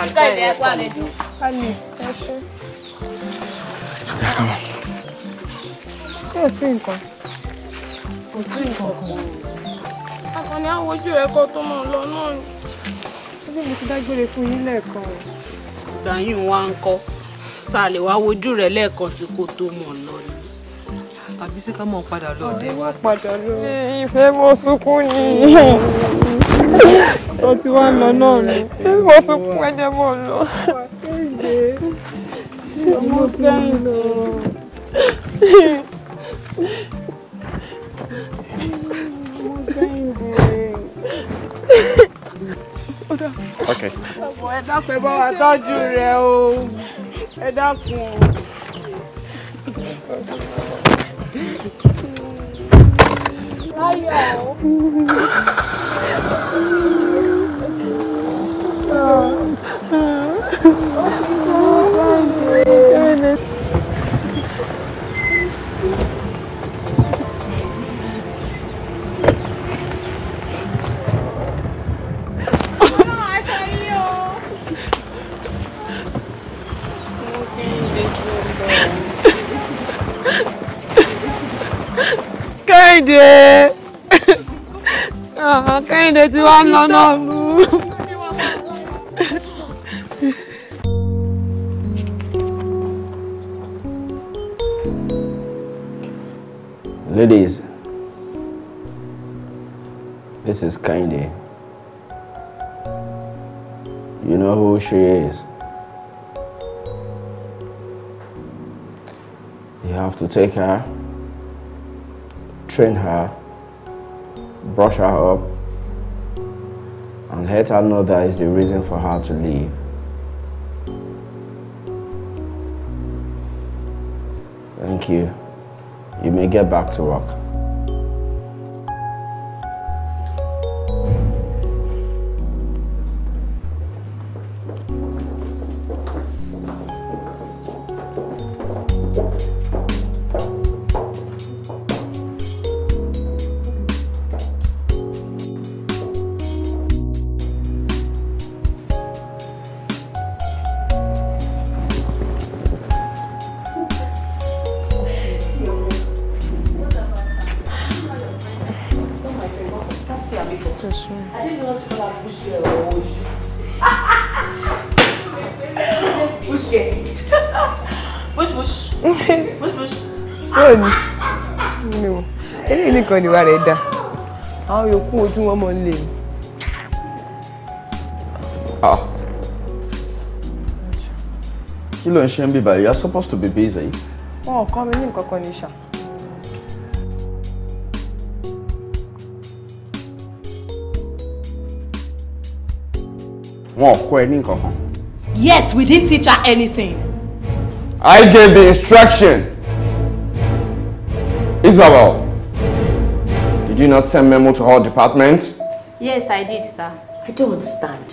Àlùkò ìdí ẹ̀kọ́ àlejò. Pálí, ẹ ṣe. Ṣé o sí nǹkan? Kò sí nǹkan kan. Akọni á wojú ẹ̀kọ́ tó mọ̀ lọ náà. Ṣé mo ti dágbére fún Ibrahim wá ń kọ́ tá a lè wá wojú rẹ̀ lẹ́ẹ̀kan sí kó tó mọ̀ lọ ni. àbí ṣé ká mọ̀ padà lọ ọ̀dẹ́. àbí padà lọ. ìfẹ́ mo sunkún ni sọ ti wá lọ náà ni mo sunkún ẹ̀jẹ̀ mo lọ. ọmọ kẹ́hìn lọ. ọmọ kẹ́hìn lọ ok. ọ̀pọ̀ ẹ dákun ẹ bá wa tọ́jú rẹ o ẹ dákun o. láyọ̀ o. ó ti kú báyìí. kinda, tí wàá lọ́nà mú. Ladies, this is kinda. You know who she is. You have to take her train her, brush her up, and let her know that is the reason for her to leave. Thank you. You may get back to work. nìkan níwà rẹ̀ dá àwọn yòókù ojú wọn mọ̀ ń lè. Ah. kí ló ń ṣe ń bíbá you are supposed to be busy. wọn ò kọ́ mi ní nǹkan kan ní ṣá. wọn ò kọ́ ẹ ní nǹkan kan. yes we didn't teach her anything. I gave the instruction. Isabel. Did you not send memo to all departments? Yes, I did, sir. I don't understand.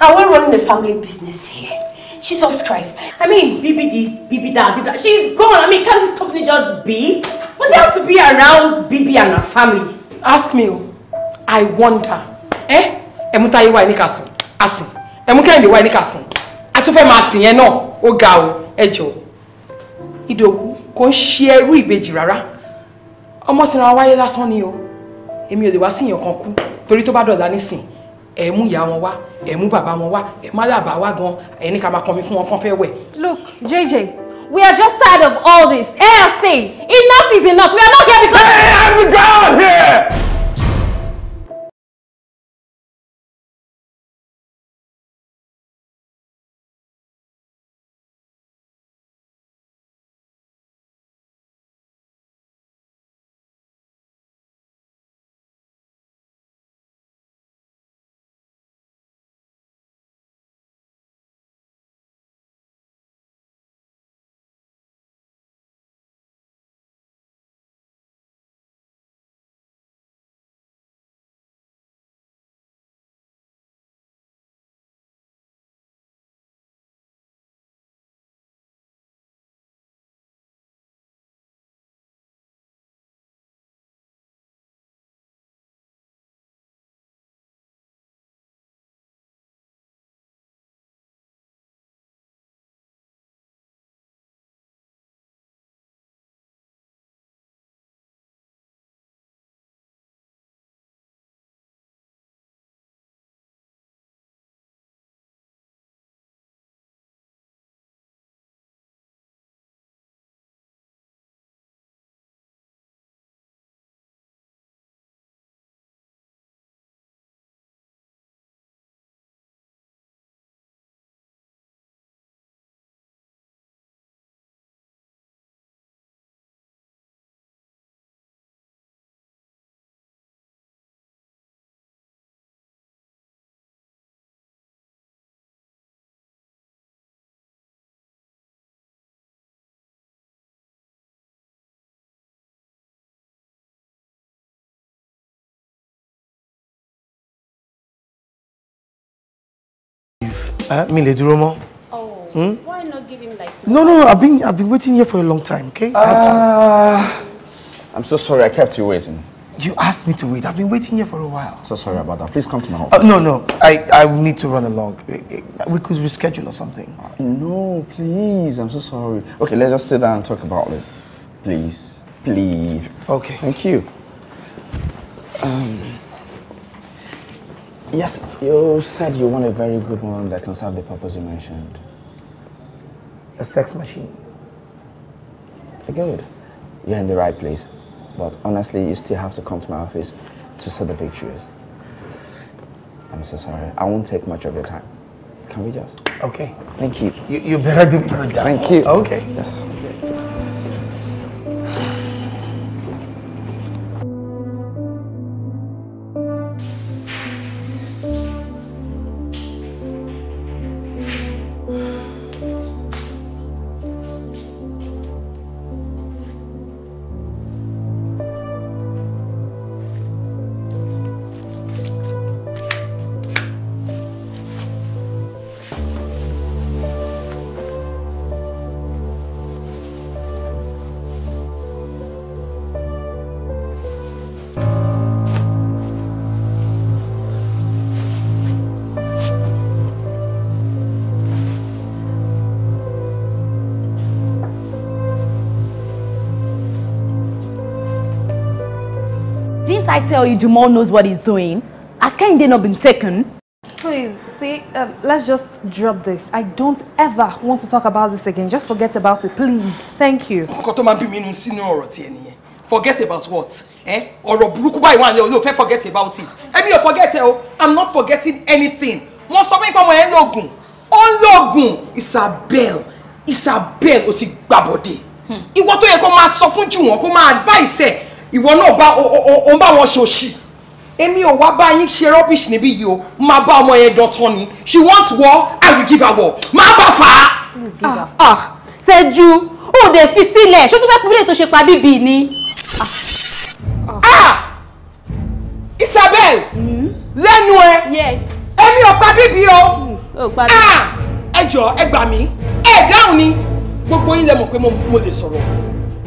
Are we running a family business here. Jesus Christ. I mean, BB this, BB that, BB that. She's gone. I mean, can't this company just be? Was there to be around BB and her family? Ask me. Oh. I wonder. Eh? Ẹ̀mú táyé wá ní kàsìn. Àsìn. Ẹ̀mú kẹ́hìndé wá ní kàsìn. A tún o. Ẹ jọ. Ìdòwú kò ń ṣe ẹrú ìbejì rárá. Ọmọ sinra wáyé lásán ni o èmi ò lè wá sí èèyàn kan kú torí tó bá dọ̀dá nísìn ẹ mú ìyá wọn wá ẹ mú bàbá wọn wá ẹ má dàbà wá gan ẹ ká máa kọmi fún wọn kán fẹ́ wẹ̀. Look, JJ, we are just tired of all this. ẹ ẹ enough is enough we are not here because. Hey, I'm God here. Uh, eh, Mile Duromo. Oh, hmm? why not give him like... No, no, no, I've been, I've been waiting here for a long time, okay? Uh, I'm so sorry, I kept you waiting. You asked me to wait. I've been waiting here for a while. So sorry about that. Please come to my home. Uh, no, no. I, I need to run along. Eh, eh, we could reschedule or something. Uh, no, please. I'm so sorry. Okay, let's just sit down and talk about it. Please. Please. Okay. Thank you. Um, Yes, you said you want a very good one that can serve the purpose you mentioned. A sex machine. Good. You're in the right place. But honestly, you still have to come to my office to see the pictures. I'm so sorry. I won't take much of your time. Can we just? Okay. Thank you. You, you better do good. Thank you. Okay. Yes. tell you Jumal knows what he's doing? Has Kehinde not been taken? Please, see, um, let's just drop this. I don't ever want to talk about this again. Just forget about it, please. Thank you. Ọkọ tó máa bí mi nínú Forget about what? Eh? Or burúkú báyìí one? No, olóòfẹ́ forget about it. Èmi ò forget ẹ I'm not forgetting anything. Wọ́n sọ fún mi pé ọmọ yẹn ń lògùn. Ó ń lògùn. Isabel Isabel ò sì gbàbọ̀dé. Hmm. Ìwọ tó yẹ kó máa sọ fún Jùwọ̀n advice ẹ̀ ìwọ náà bá òun bá wọn ṣòṣì èmi ò wá bá yín ṣe rubbish níbí yìí o máa bá ọmọ yẹn dọ̀tán ni she wants war i will give her war máa bá fà á. tẹ́jú ah, ah, ó dẹ̀ fi sílẹ̀ ṣé tó fẹ́ pílẹ̀ tó ṣe pa bíbí ni. Ah! Isabel hmm? lẹ́nu ẹ èmi ò pa bíbí o hmm, ẹ jọ̀ọ́ ẹ gbà mí ẹ dáhùn ni gbogbo yín lẹ mọ̀ pé mo lè sọ̀rọ̀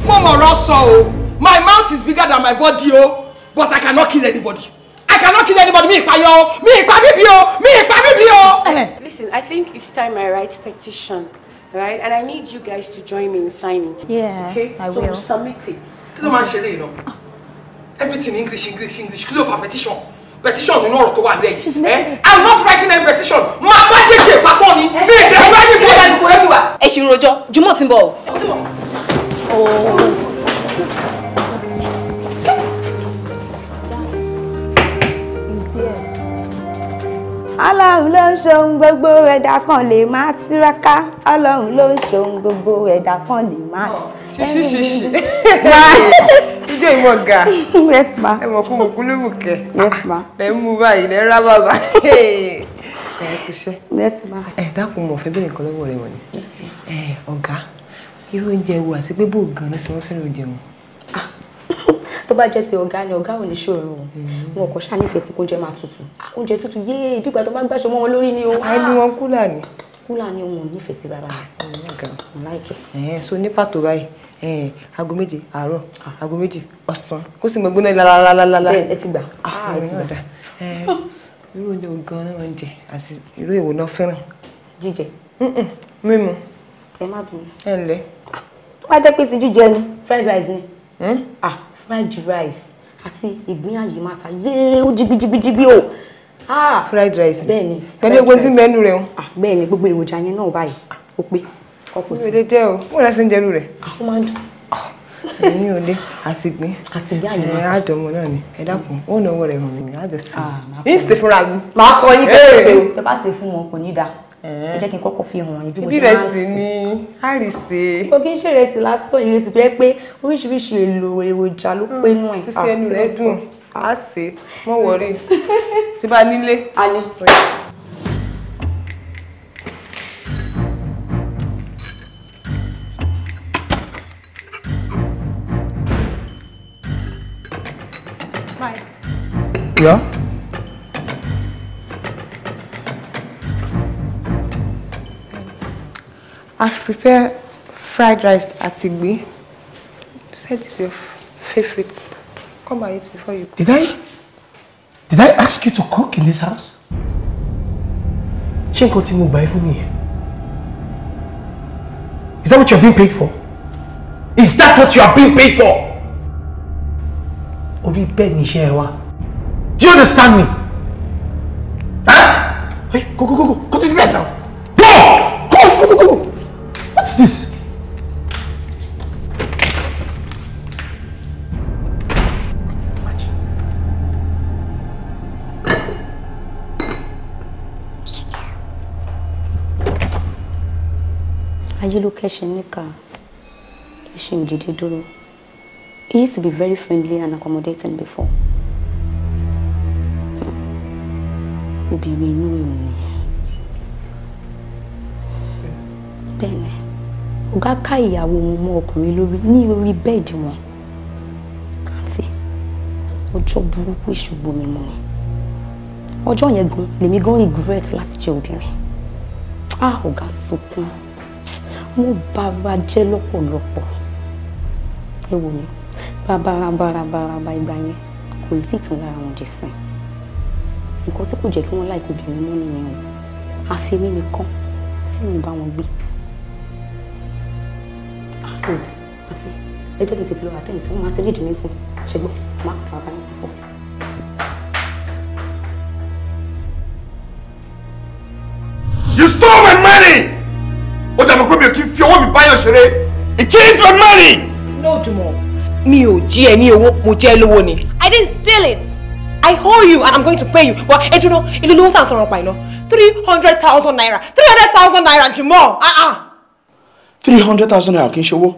mo mọ̀ ọ̀rọ̀ sọ o my mouth is bigger than my body o but i cannot kill anybody i cannot kill anybody mi ìpayọ o mi ìpa bíbí listen i think it's time i write petition right and i need you guys to join me in signing. yeah okay? i so will so we'll submit it. kí ló máa ń ṣe everything english english english kí ló fa petition petition nínú to tó wà She's eh i'm not writing any petition máa bá jẹ́jẹ́ Me. ni mi ìdẹ́gbẹ́ ní kí ló dá ní kò lọ́sùn wa. ẹ ṣì ń rojọ́ jùmọ̀ ti ń bọ̀. ó ti bọ̀. ọlọ́run ló ń ṣohun gbogbo ẹ̀dá kan lè má tiraka ọlọ́run ló ń ṣohun gbogbo ẹ̀dá kan lè má. Oh, ṣíṣí ṣíṣí ijó ìwọ ga ẹ mọ̀ fún ògúnlùmù kẹ ẹ mú báyìí lẹ rá bàbá ẹ kúṣẹ́ ẹ dákun mọ̀ fẹ́ bẹ̀rẹ̀ nǹkan lọ́wọ́ rẹ wọ̀nyí ọ̀gá irú oúnjẹ wo àti pé bó gan-an ṣe wọ́n oúnjẹ wọn. tó bá jẹ́ ti ọ̀gá ni ọ̀gá ò ní ṣòro o mm-hmm. wọn kò ṣáà nífẹ̀ẹ́ sí oúnjẹ máa tutù oúnjẹ ah, tutù yéé bí ìgbà tó bá gbàṣọ mọ́ wọn lórí ni o. Ah, ẹnu wọn kúlà ni. kúlà ni òun ò nífẹ̀ẹ́ sí rárá ah, oh mo láìkẹ́. ẹ̀ẹ́n so ní pàtó báyìí ẹ̀ẹ́n aago méje àárọ̀ aago méje ọ̀sán kó sì mọ gbóná lálálálálá. bẹ́ẹ̀ ẹ ti gbà oh ẹ ti gbà. irú oúnjẹ ògan náà ń jẹ àti irú èwo náà fẹ́ràn. jíjẹ. mímu. ẹ má bínú. ẹ ǹlẹ́. tó bá jẹ́ pé ti jíjẹ ni fried rice ni. Hmm? fried rice àti ìgbín àyè máa ta yéé ó jigbijigbijigbi o. Ah! fried rice bẹ́ẹ̀ni pẹ̀lú egbò tí mẹ́nu rẹ̀ ń. Ah, bẹ́ẹ̀ni gbogbo èròjà yẹn náà báyìí ó pé kọ́pù sí. mi ò lè jẹ́ o mo rẹ̀ ṣe ń jẹ́rú rẹ̀. àwọn ah, máa ń dùn. ẹ̀yin ò lé àtìgbín àtìgbín àyè máa ta ẹ̀ àjọmọ náà ni ẹ dákun ó náwó rẹ̀ hàn mí àjọsí. ń sè fúnra mi. màá kọ yín kí o tẹ bá ṣe fún wọn kò ní dáa. Eh. ẹ jẹ́ kí n kọ́kọ́ fi hàn yín bí mo ṣe máa ń sè. ìbí rẹ̀ sì ni àrìsè. kò kí n ṣe ìrẹsì lásán ìrẹsì tó yẹ pé oríṣiríṣi èlò èròjà ló pé nù ẹ̀. sísè mm, ẹnu rẹ dùn á sè mọ wọrí tí bá nílé. a Yeah. I prepare fried rice at ìgbín. You said it's your favorite. Come and eat before you cook. Did I? Did I ask you to cook in this house? Ṣé nǹkan tí mo gbà ẹ́ fún Is that what you're being paid for? Is that what you are being paid for? Orí bẹ́ẹ̀ ni iṣẹ́ ẹ Do you understand me? Huh? Hey, go, go, go, go. Go What's this? Are ayé ló kẹ́sìn níkà did you do? he used to be very friendly and accommodating before Be inú me. nìyẹn bẹ́ẹ̀ ni. ọ̀gá ká ìyàwó wọn mọ́ ọkùnrin lórí ní orí bẹ́ẹ̀dì wọn àti ọjọ́ burúkú ìṣògbò mi mọ́ mi ọjọ́ yẹn gan lèmi gan regret láti jẹ́ obìnrin á ọ̀gá sunkún mo bára jẹ́ lọ́pọ̀lọpọ̀ ẹ wò mí bàbàràbàràbàràbà ìgbà yẹn kò lè tí ìtàn lára wọn jẹ sìn nǹkan tí kò jẹ́ kí wọ́n láìkó obìnrin mọ́ nìyẹn o àfi mí nìkan tí mi bá wọn gbé. Hmm. ẹjọ́ kìí tètè lọ àtẹ̀yìn sí wọn máa ti rí ìdílé sí ṣùgbọ́n má wà bá yín pọ̀. You stole my money! Ó dàbí pé mi ò kí n fi ọwọ́ mi báyọ̀ ṣeré. It is my money! No, Jumo. Mi ò jí ẹ ní owó, mo jẹ́ lówó ni. I didn't steal it. I owe you and I'm going to pay you. But well, hey, you know, ìlú lówó tà ń sọ̀rọ̀ pa iná. Three hundred thousand naira. Three hundred thousand naira, Jumo. Ah ah three hundred thousand naira kì í ṣe owó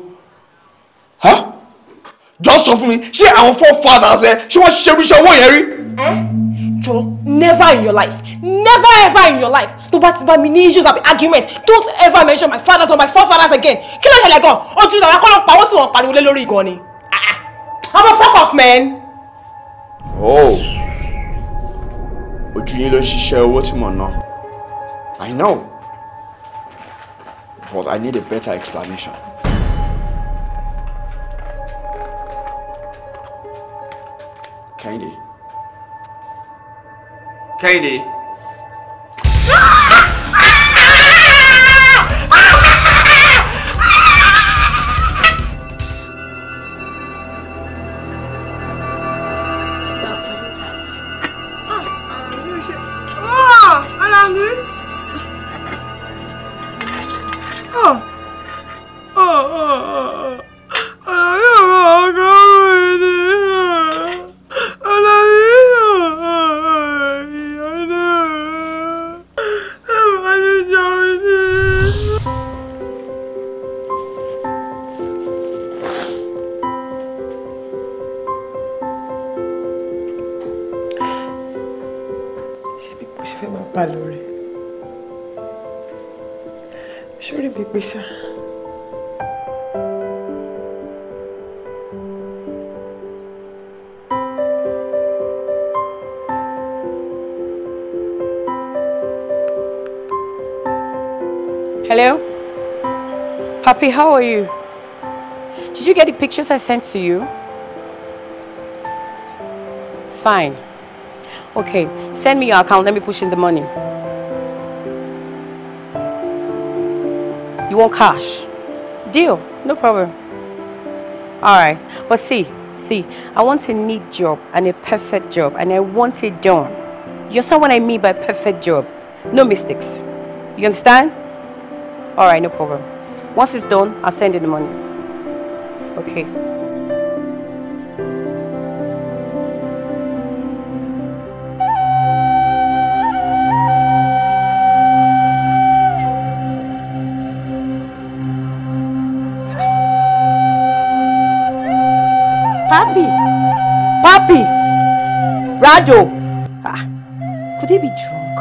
jọ sọ fún mi ṣé àwọn fathers? ẹ ṣé wọ́n ṣe irúṣẹ́ owó yẹn rí. jọ never in your life never ever in your life tó bá ti bá mi ní issues àbí argument don't ever mention my fathers or my forefathers again kí ló ṣẹlẹ̀ gan ojú ìlànà kọ́ ló pa owó tí wọ́n pariwo lé lórí gan ni i'm ah, ah. a fuck off man. oh ojú yín ló ń ṣiṣẹ́ owó tí mo ná i know. But I need a better explanation. Katie. Katie. Papi, how are you? Did you get the pictures I sent to you? Fine. Okay, send me your account. Let me push in the money. You want cash? Deal. No problem. All right. But see, see, I want a neat job and a perfect job, and I want it done. You understand what I mean by perfect job? No mistakes. You understand? All right, no problem. Once it's done, I'll send you the money. Okay. Papi! Papi! Rado! Ah, could he be drunk?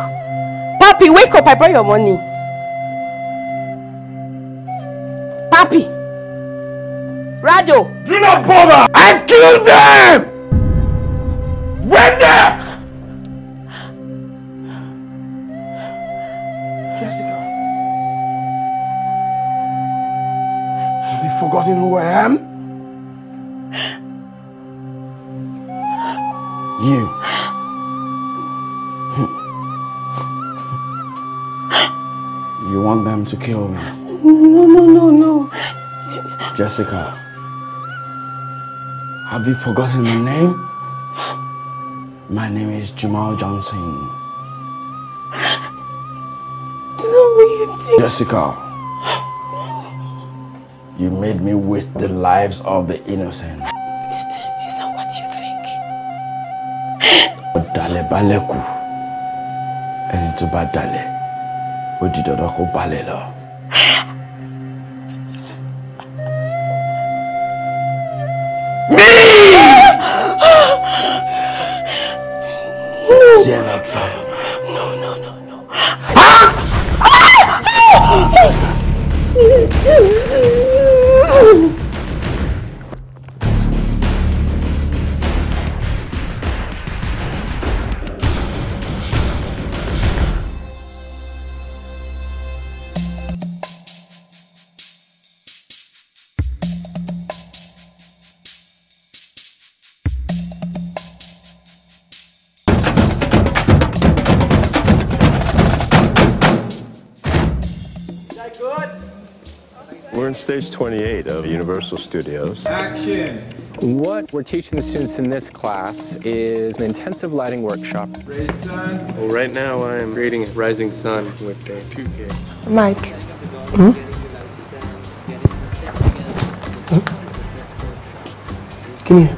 Papi, wake up! I brought your money. Papi! Rajo! Do not bother! I killed them! Went there! Jessica! Have you forgotten who I am? You. You want them to kill me. No, no, no, no. Jessica, have you forgotten my name? My name is Jamal Johnson. No, Jessica, you made me waste the lives of the innocent. Is, is that what you think? Dale baleku, ẹni tó bá dalẹ̀, ó di dandan kó Stage 28 of Universal Studios. Action! What we're teaching the students in this class is an intensive lighting workshop. sun. Well, right now I'm creating a rising sun with a 2K. Mike. Hmm. -hmm. Come here.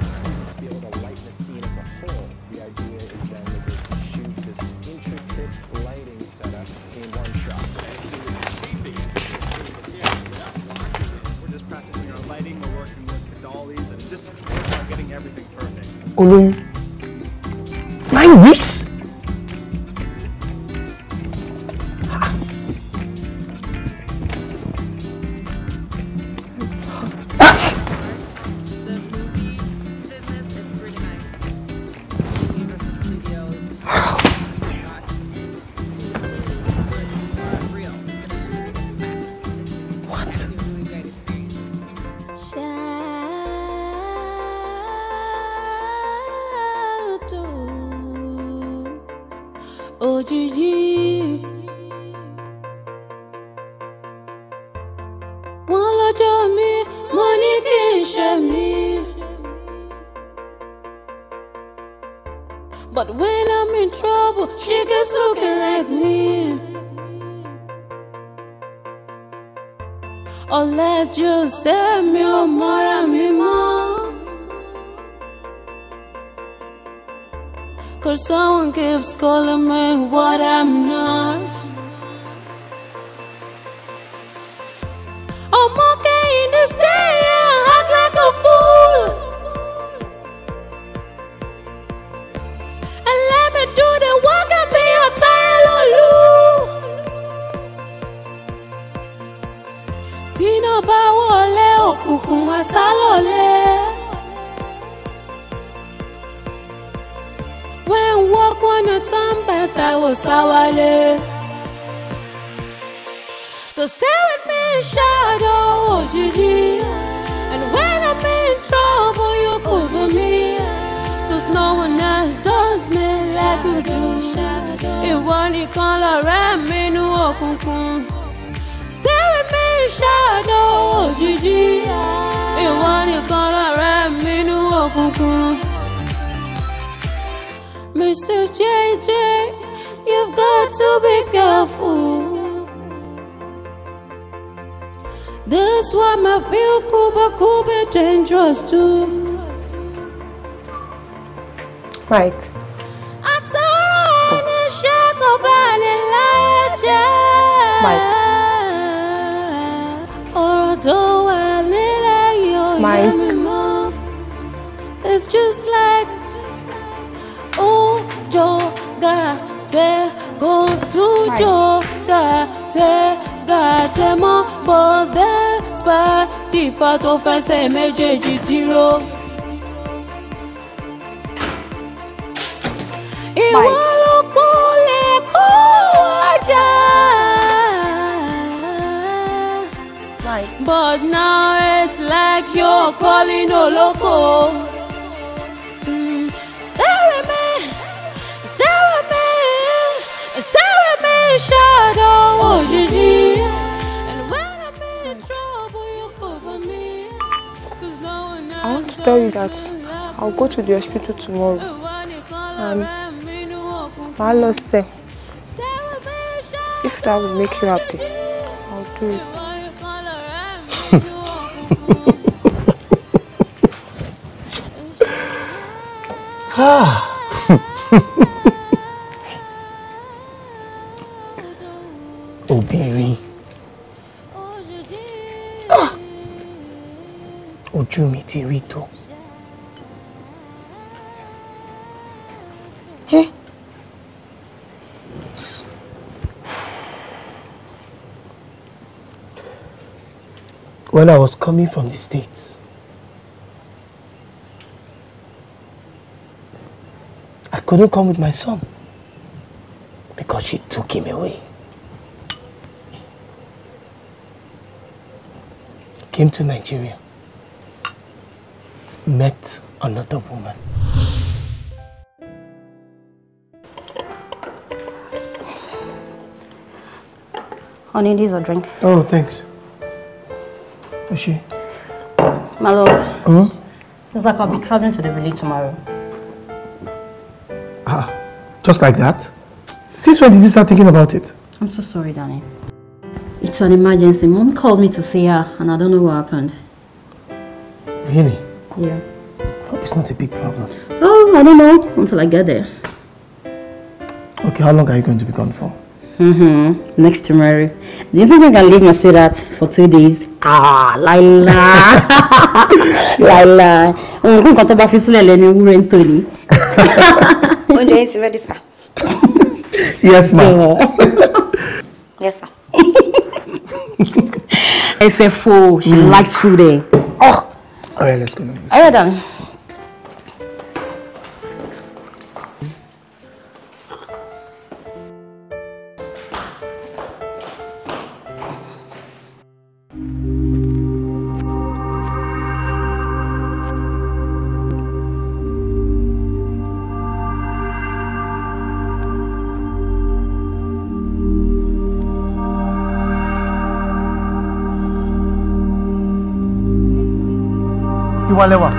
You've got to be careful. This one I feel but could be dangerous too. Mike. Mike. Mike. It's just like, oh, Joe. ga te go to jo da te ga te mo bo de spa di fa tó fẹsẹ̀ méjèèjì ti ro. ìwọ ló polẹ̀ kó ọjà. But now it's like you're calling Oloko. No tell you that I'll go to the hospital tomorrow. And màá lọ sẹ̀. If that will make you happy, I'll do it. Oh baby, oh ojú mi ti rí when I was coming from the States. I couldn't come with my son because she took him away. Came to Nigeria, met another woman. Honey, this is a drink. Oh, thanks. Is she? My lord. Hmm? It's like I'll be traveling to the relay tomorrow. Ah, just like that? Since when did you start thinking about it? I'm so sorry, Danny. It's an emergency. Mom called me to see her, and I don't know what happened. Really? Yeah. Hope it's not a big problem. Oh, I don't know until I get there. Okay, how long are you going to be gone for? Mm-hmm. Next to Mary. Do you think I can leave my seat for two days? ah láìláà láìláà nǹkan kan tó bá fi sílẹ̀ lẹ́nu ewúrẹ́ ń tòlé. oúnjẹ yín ti rẹ́dí sà. yes ma. yes sir. ẹ fẹ́ fo she mm. likes food ẹ. Oh. right. let's go now. ọ̀rẹ́ dàn. ìwà lẹwà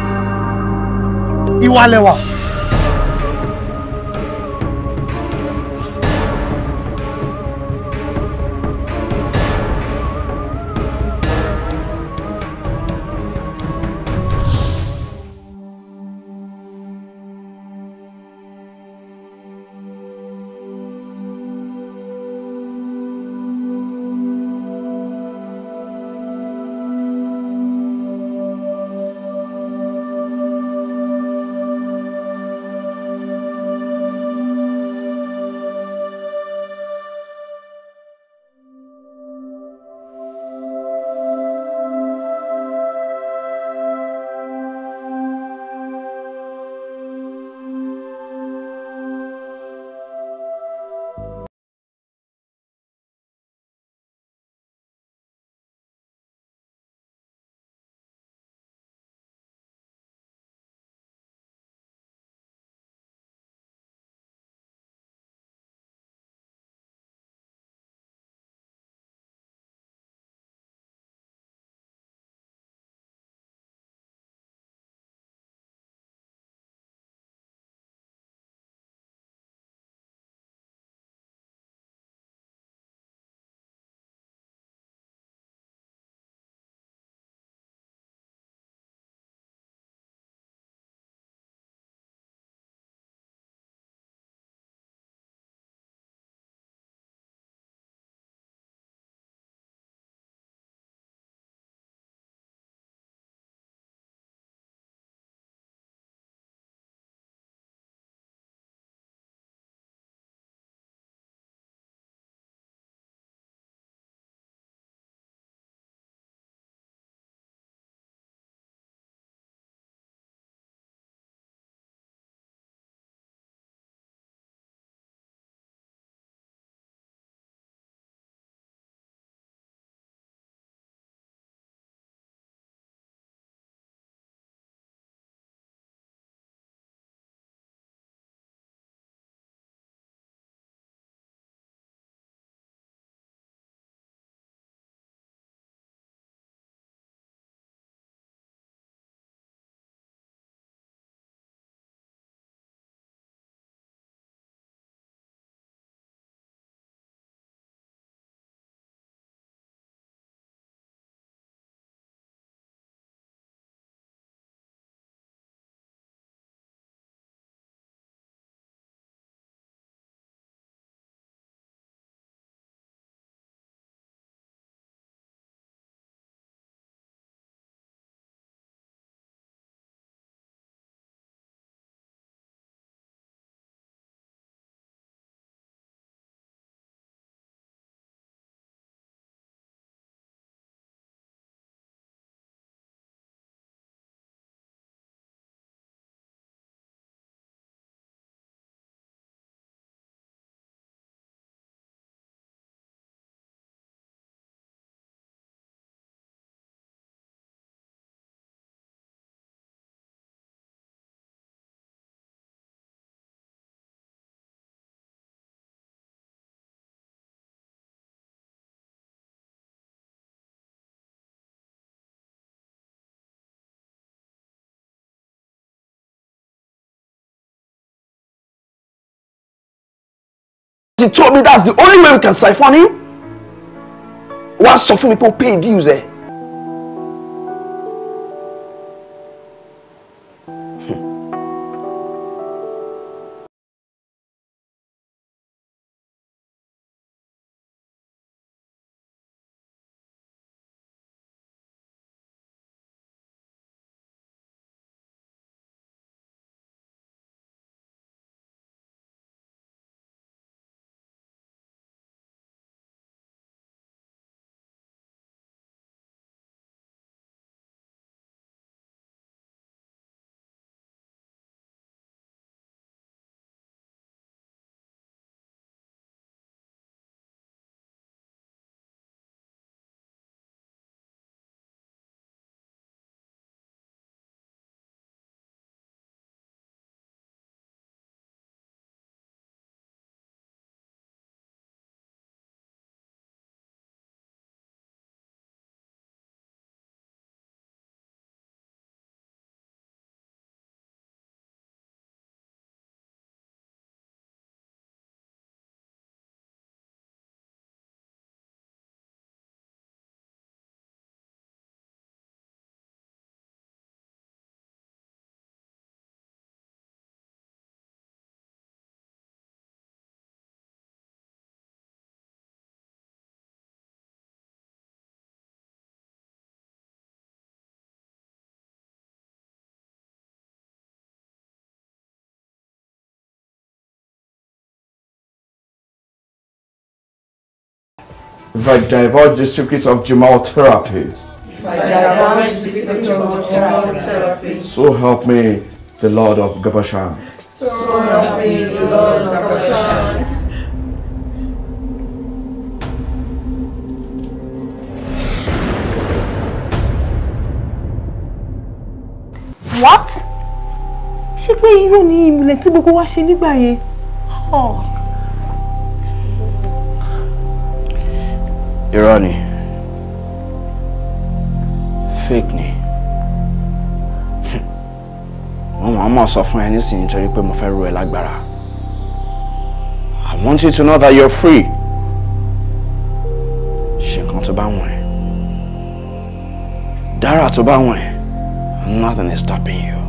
he told me that's the only way we can siphon him wá sọ fún mi pé ó pay dues ẹ̀. Eh? by the disciplines of Jamal therapy. therapy. So help me, the Lord of Gabashan. So help me, the Lord of Gabashan. What? ṣé pé irú ni ìmùlẹ̀ tí gbogbo wa ṣe nígbà yẹn? irọ́ ni fake ni wọ́n máa mọ̀ sọ fún ẹ nísìnyí torí pé mo fẹ́ ru ẹ lágbára I want you to know that you're free ṣe nǹkan tó bá wọ̀n ẹ́ dára tó bá wọ̀n ẹ́ nothing is stopping you.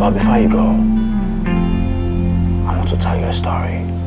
But before you go, I want to tell you a story.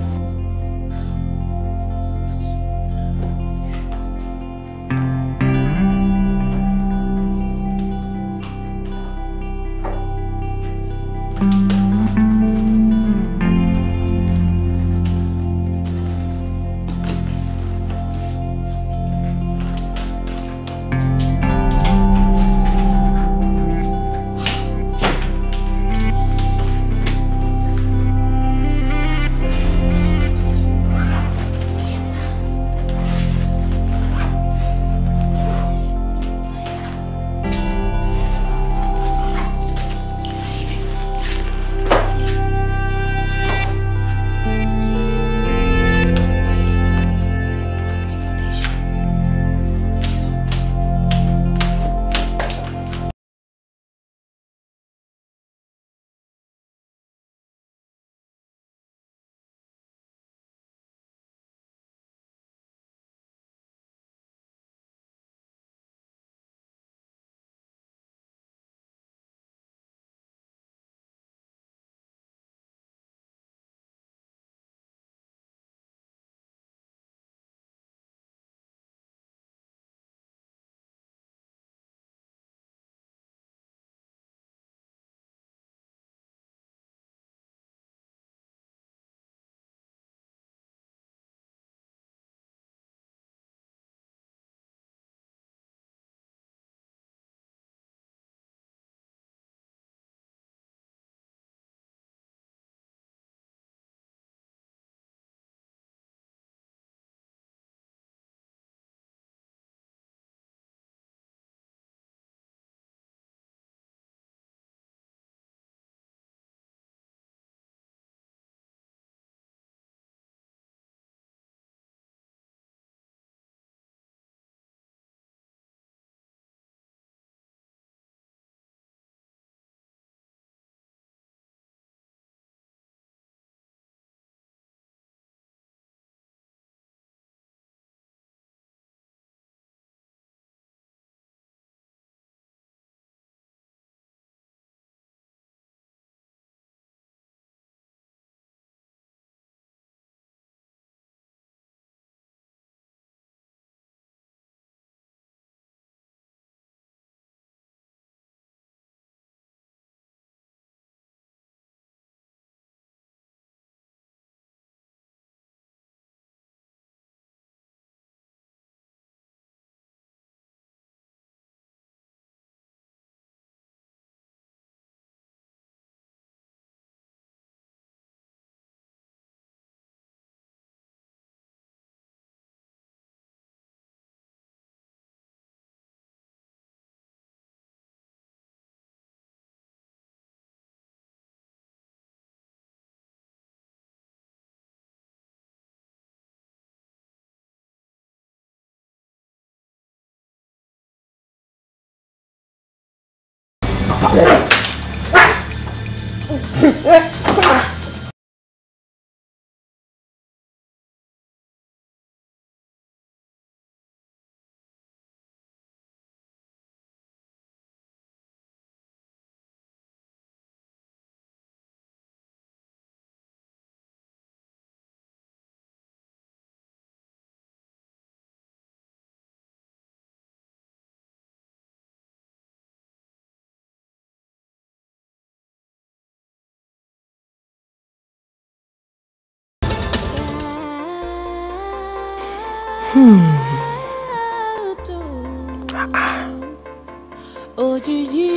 Let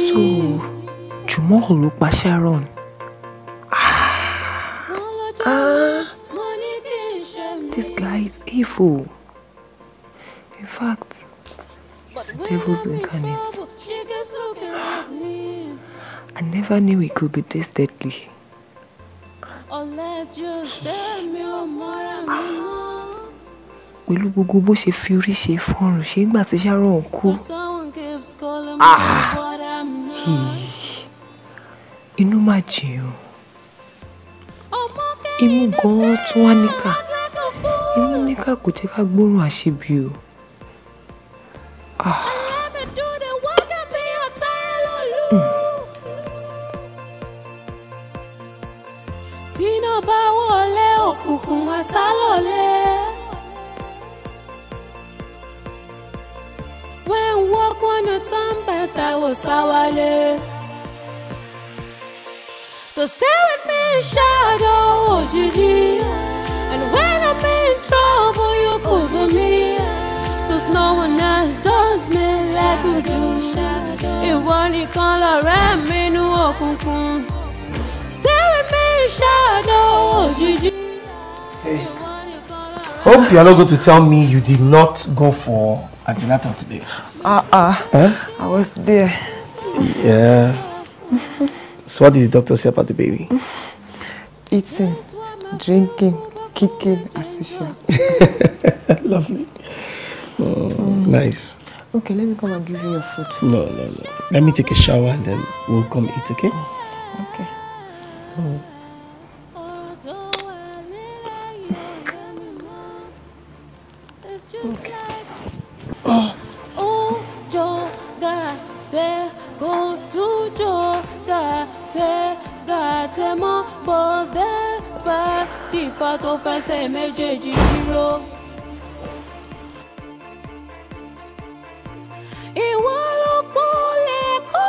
so Jùmọ̀ ló pa Sharon. Ah, ah, this guy is evil. In fact, he's the devil's incarnate. Ah. I never knew he could be this deadly. Oh, ah. pẹ̀lú gbogbo bó ṣe fi orí ṣe fọ́ọ̀rùn ṣé nígbà tí sharon kú. Ah, inú máa jìyàn imú gan-an tún wá níkà imú níkà kò jẹ́ ká gbóòórùn àṣebí o. Ah. òkùnkùn wa sálọ̀lẹ́. tán bẹ tẹ wò So stay with me in shadow, Gigi, And when I'm in trouble, you cover me. Cause no one else does me like you do. Ìwọ nìkan lọ̀rẹ́ mi nú òkùnkùn. Stay with me in shadow, Gigi. Hey. Hope you're not going to tell me you did not go for antenatal today. Uh-uh. Huh? I was there. Yeah. so what did the doctor say about the baby? Eating, drinking, kicking, as usual. Lovely. Oh, mm. Nice. Okay, let me come and give you your food. No, no, no. Let me take a shower and then we'll come eat, okay? Oh, okay. Mm. te condujo da te ga te mọ bó dé spa ìfà tó fẹsẹ̀ méjèèjì dúró. ìwọ ló pọ́lẹ̀ kó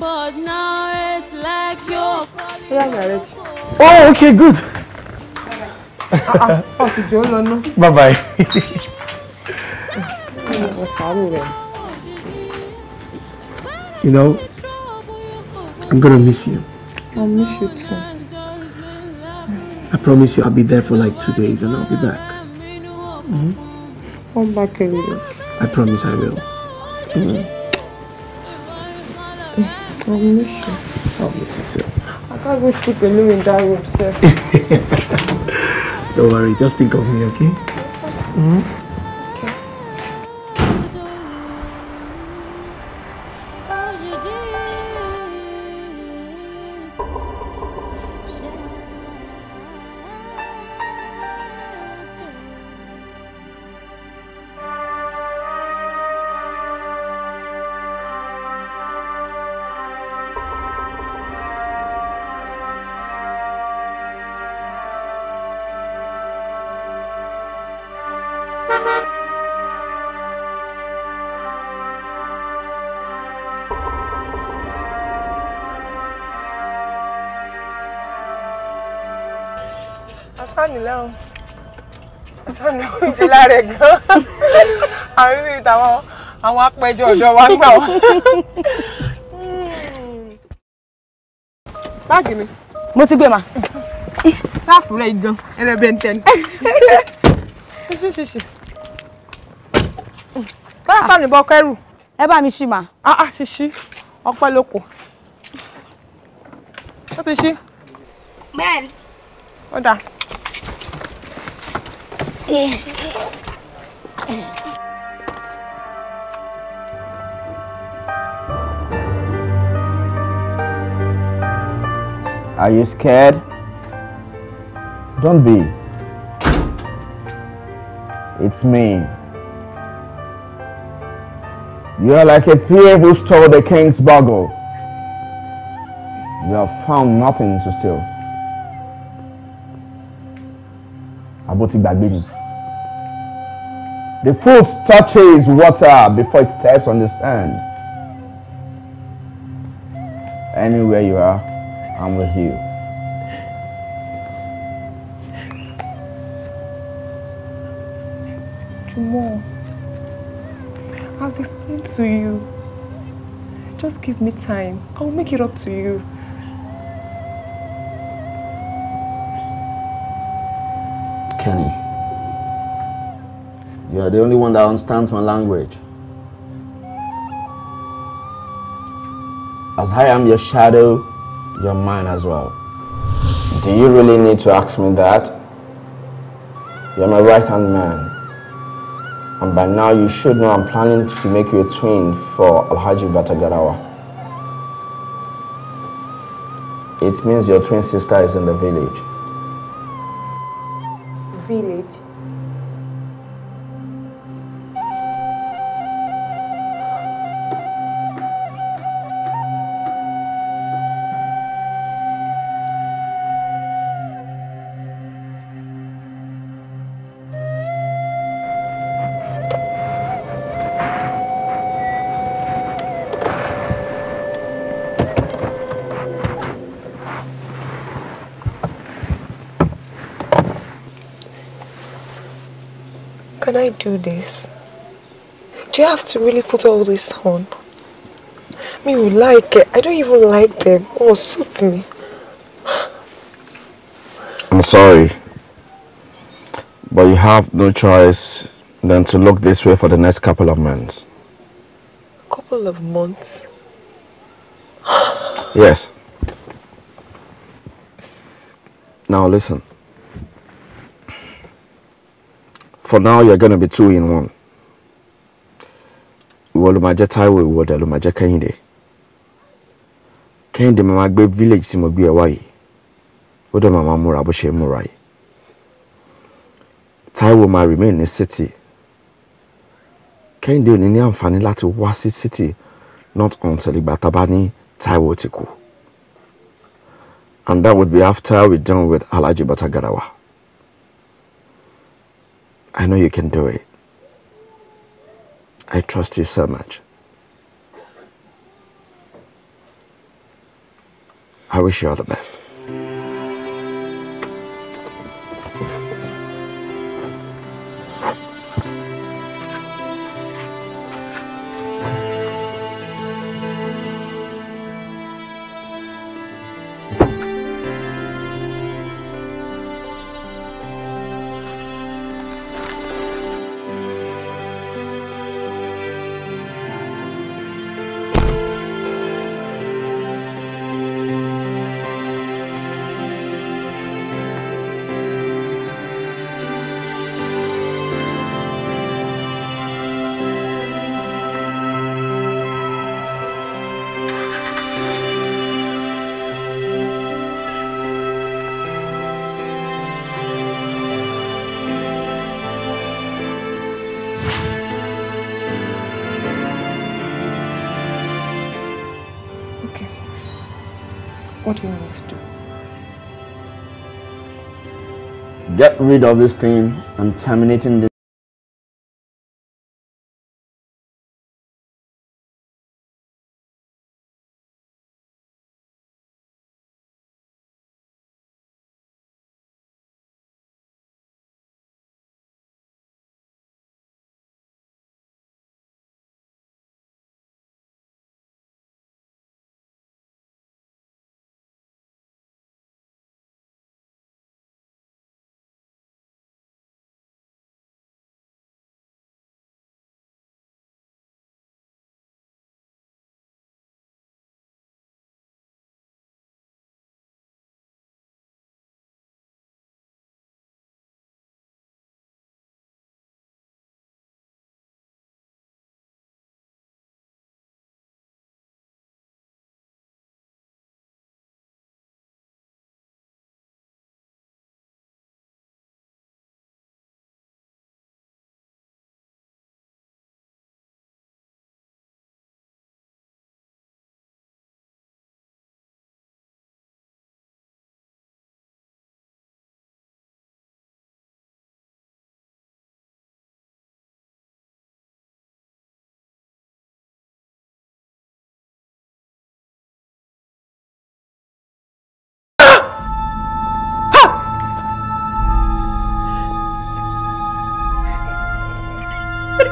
but now it's like you're calling. oh okay good. ah ah ọ̀sìn jẹ́ bye bye. was sorry then. You know, I'm gonna miss you. I'll miss you too. I promise you I'll be there for like two days and I'll be back. Mm -hmm. Come back every day. I promise I will. Mm -hmm. I'll miss you. I'll miss you too. I can't go sleep alone in that room, sir. Don't worry, just think of me, okay? Mm -hmm. lára rẹ̀ gan-an àwọn ibi ìtàwọn àwọn apẹjọ ọ̀dọ́ wa ń gbà wọ́n. báàgì mi. mo ti gbé ma. sáàfù rẹ̀ gan ẹrẹbẹ ń tẹ̀ ní. ṣíṣíṣì kọ́lá sáà nìbọn kẹ́rù. ẹ bá mi ṣì mà. Ah, ah, ṣíṣí ọpẹ́ ló kù. ó ti ṣí. bẹ́ẹ̀ ó dáa. Are you scared? Don't be. It's me. You are like a thief who stole the king's bugle. You have found nothing to steal. Aboti Bagbini. The foot touches water before it steps on the sand. Anywhere you are, I'm with you. Tomorrow, I'll explain to you. Just give me time. I'll make it up to you. Kenny. You are the only one that understands my language. As I am your shadow, you're mine as well. Do you really need to ask me that? You're my right-hand man. And by now you should know I'm planning to make you a twin for Alhaji Batagarawa. It means your twin sister is in the village. do this? Do you have to really put all this on? Me you like it. I don't even like them. Oh, suits me. I'm sorry. But you have no choice than to look this way for the next couple of months. Couple of months? yes. Now listen. for now you're gonna be two in one ìwọ ló máa jẹ́ Táíwò ìwọ dẹ̀ ló máa jẹ́ Kẹ́hìndé gbé village tí mo gbé ẹ wá yìí ó dẹ̀ máa múra bó ṣe ń múra yìí Táíwò remain ní city Kẹ́hìndé ò ní ní àǹfààní láti wá sí city not until ìgbà tá a bá ní Táíwò ti kú and that would be after we done with Alhaji Batagadawa. I know you can do it. I trust you so much. I wish you all the best. What do you want me to do? Get rid of this thing. I'm terminating this.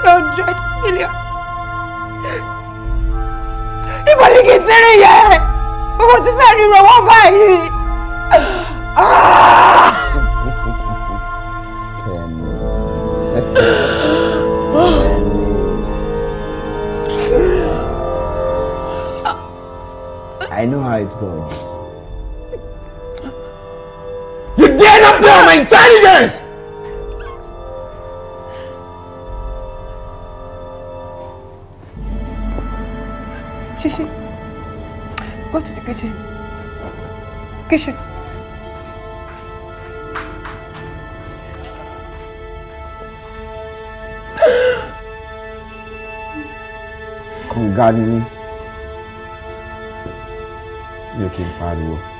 hundred million. Ibo ni kì í sẹ́rẹ̀ yẹ? Mo ti fẹ́ I know how it's going. You dare not on my intelligence! 谢谢，我出去给钱，给钱。干你！又去发了。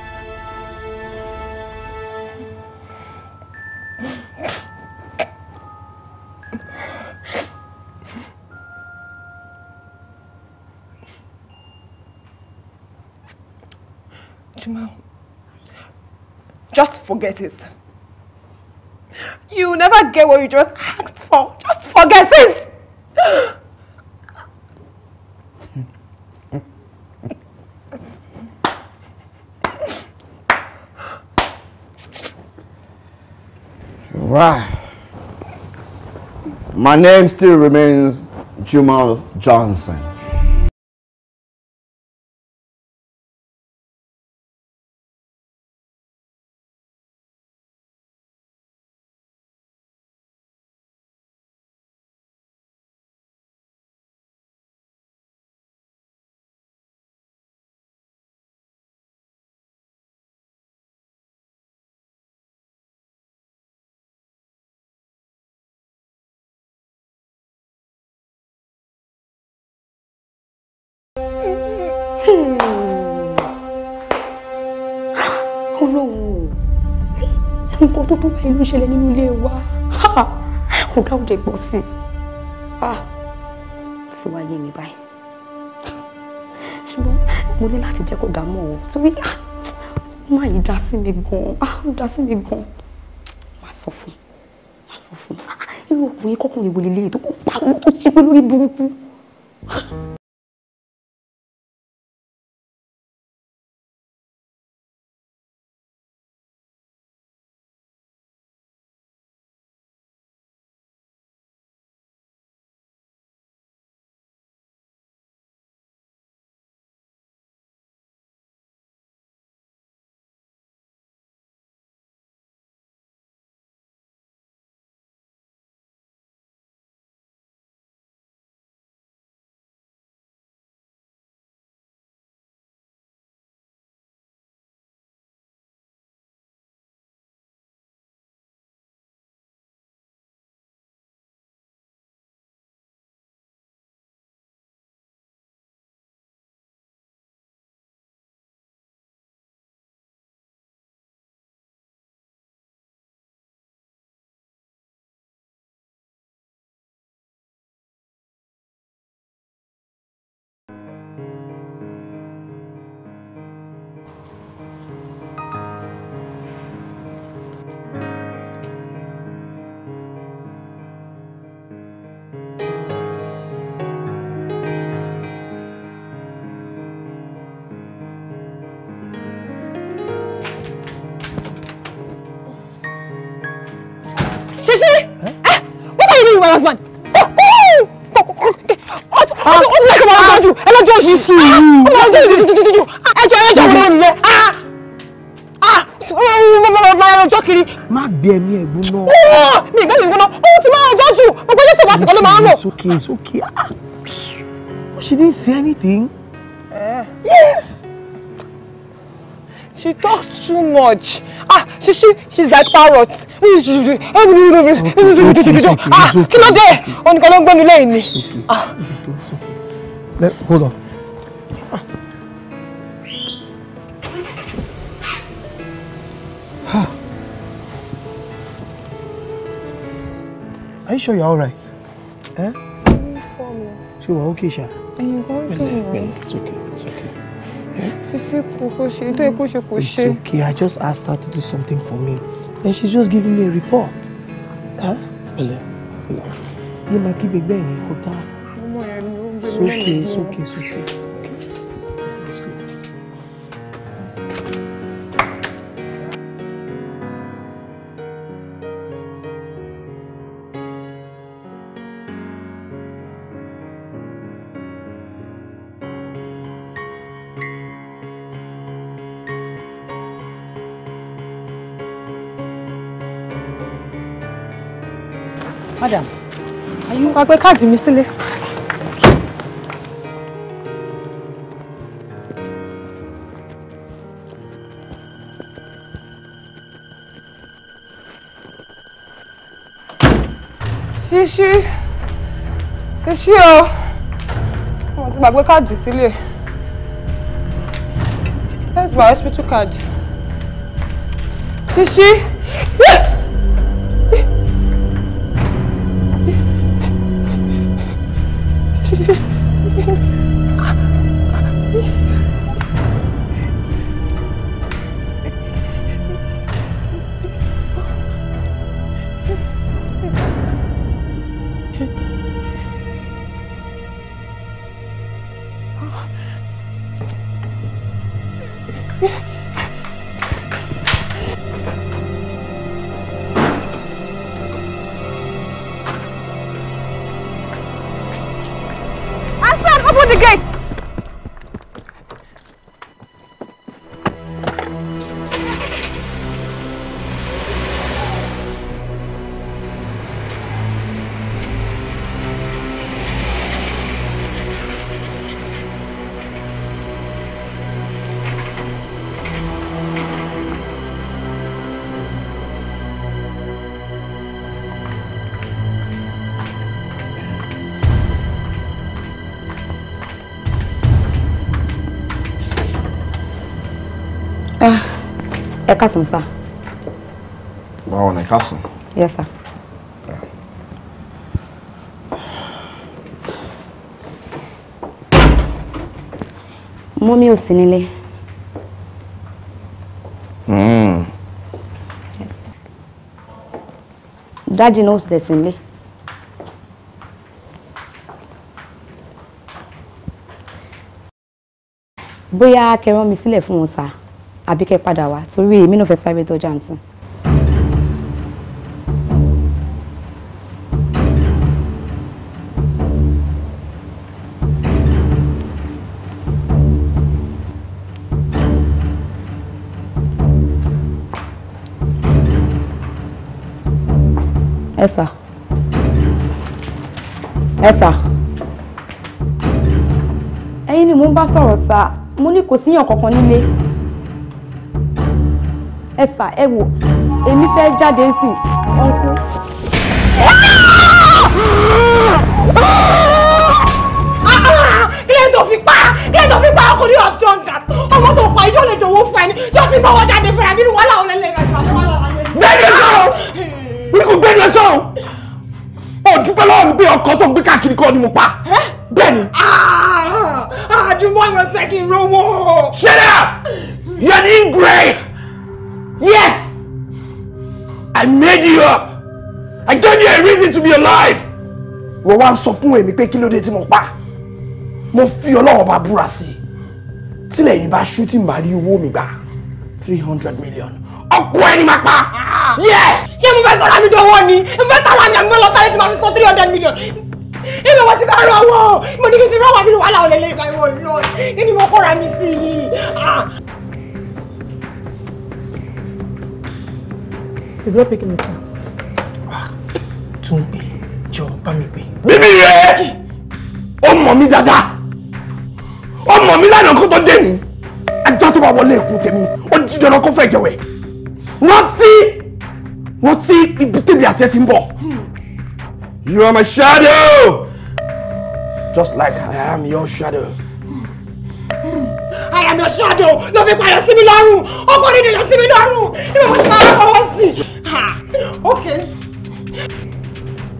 just forget it. You never get what you just asked for. Just forget it. Right. My name still remains Jumal Johnson. tó báyìí ló ṣẹlẹ̀ nínú ilé wa ọ̀gá òde gbọ́ sí i sì mi báyìí ṣùgbọ́n mo ní láti jẹ́ kó ga mọ́ o torí ah, má yìí dá sí mi gan-an ah, dá sí mi gan-an má sọ fún má sọ fún ah, irú ọkùnrin kọkùnrin wo lélẹ́yìí tó kó pa owó tó ṣe pé lórí burúkú. ṣe sùúrù. ẹjọ ẹjọ mo ń lẹ ọjọ́ kiri. má gbé ẹ̀mí ẹ̀gbọ́n náà. ó mi ìgbẹ́ mi gbóná ó ti máa ọjọ́ jù gbogbo ẹjọ́ tó bá sìkọ́ ló máa ń lò. it's okay it's okay ah oh, she didn't say anything. Eh. yes. she talks too much ah she she she's like parrot ah kí ló dé oníkan ló ń gbẹ́nu lẹ́yìn ni. Ah. hold on. Are you sure you're all right? Eh? Ṣé wà ókè ṣá? Ẹyin kan dùn mí. Pẹ̀lẹ́ it's okay it's okay. Sisi kò It's okay I just asked her to do something for me and she's just giving me a report. Huh? Eh? pẹ̀lẹ́. Ní màá kí gbẹgbẹ́ yẹn kó tá. Ọmọ yẹn ni ó ń wá gbé káàdì mi sílé. ṣíṣí ṣíṣí o wọn ti gbàgbé káàdì sílé here's my hospital card ṣíṣí. kásán sá. báwo ni kásán. yes sir. mọ́mí ò sí hmm. yes, daddy náà ò dẹ̀ sí nílé. bóyá kẹrán mi sílẹ̀ fún wọn sáà àbí kẹ́ padà wá torí èmi náà fẹ́ sáré dọ́jà nsìn. ẹ sà ẹ sà ẹ̀yin ni mo ń bá sọ̀rọ̀ sà mo ní kò síyàn kankan nílé ẹ sà ẹ wò èmi fẹ́ jáde sí ọ̀nkú. kílẹ̀ tó fi pa kílẹ̀ tó fi pa ọkùnrin ọ̀dọ́ ọ̀dà ọmọ tó pa iṣẹ́ ò lè jọ̀wọ́ fún ẹni tí ó ti jáde fún ẹ wàhálà òun lẹ́lẹ́ rẹ̀ sọ. gbẹ́ni sọ̀rọ̀ mi kò gbẹ́ni sọ̀rọ̀ ó dúpẹ́ lọ́wọ́ mi pé ọkọ̀ tó gbé káàkiri kọ́ ni mo pa bẹ́ẹ̀ ni. Ah, ah, ah, àdúgbò yẹn fẹ́ kí n rówó. shut up you are ingrate. Yes! I made you up. I gave you a reason to be alive. Wọ́n wá ń sọ fún èmi pé kí ló dé tí mo pa. Mo fi Ọlọ́run bá búra sí i. Tílẹ̀ yìí bá ṣú tí màá rí owó mi gbà. Three hundred million. Ọ̀pọ̀ ẹni máa pa. Ṣé mo fẹ́ sọ̀rọ̀ àmì dánwò ni? Mo fẹ́ tàwọn àmì àmì ọlọ́tà létí máa fi sọ three hundred million. Ibi wọ́n ti bá rọ̀ wọ́n. Mo ní kí n ti rọ̀ wọ́n bí wàhálà ọ̀lẹ́lẹ́ ìgbà ìwọ̀n lọ. Kí ni mo kóra mi sí yìí? He's not picking me up. Ah, Túnpé, Joe, bá mi eh? Oh, mommy, dada, oh, mommy, dáadáa. Ó mọ̀ mí lánàá I tó dé mi. Ajá tó me, oh, ẹ̀kún don't ó jí dandan kó fẹ́ jẹ̀wẹ̀. Rántí, rántí ibi tèmi àti ẹ ti You are my shadow, just like I am your shadow. I am your shadow. ló fi pààyàn sí mi lọ́rùn ọkọ̀ nínú is sí mi lọ́rùn you wọn ti máa fọwọ́ sí okay.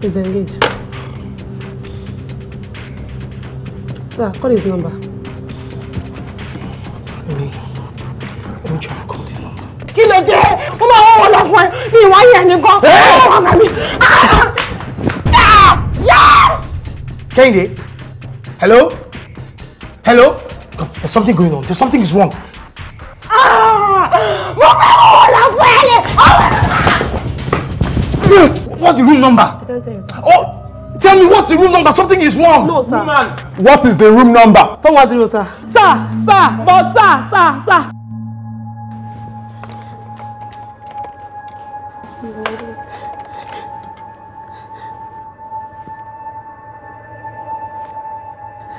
is engaged. sir call his number. Let me. mi mi jọ call the number. Kill kí ló jẹ́ mo máa wọ́n wọ́n lọ fún ẹ mi ìwà yẹn nìkan ọ̀rọ̀ yeah. Yeah. kẹ́hìndé hello hello. There's something going on. There's something is wrong. Ah! Mo What's the room number? I can't tell you, sir. Oh, tell me what's the room number? Something is wrong. No, sir. Woman, what is the room number? 410, sir. Sir, sir, but sir, sir, sir.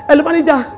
Hello, manager.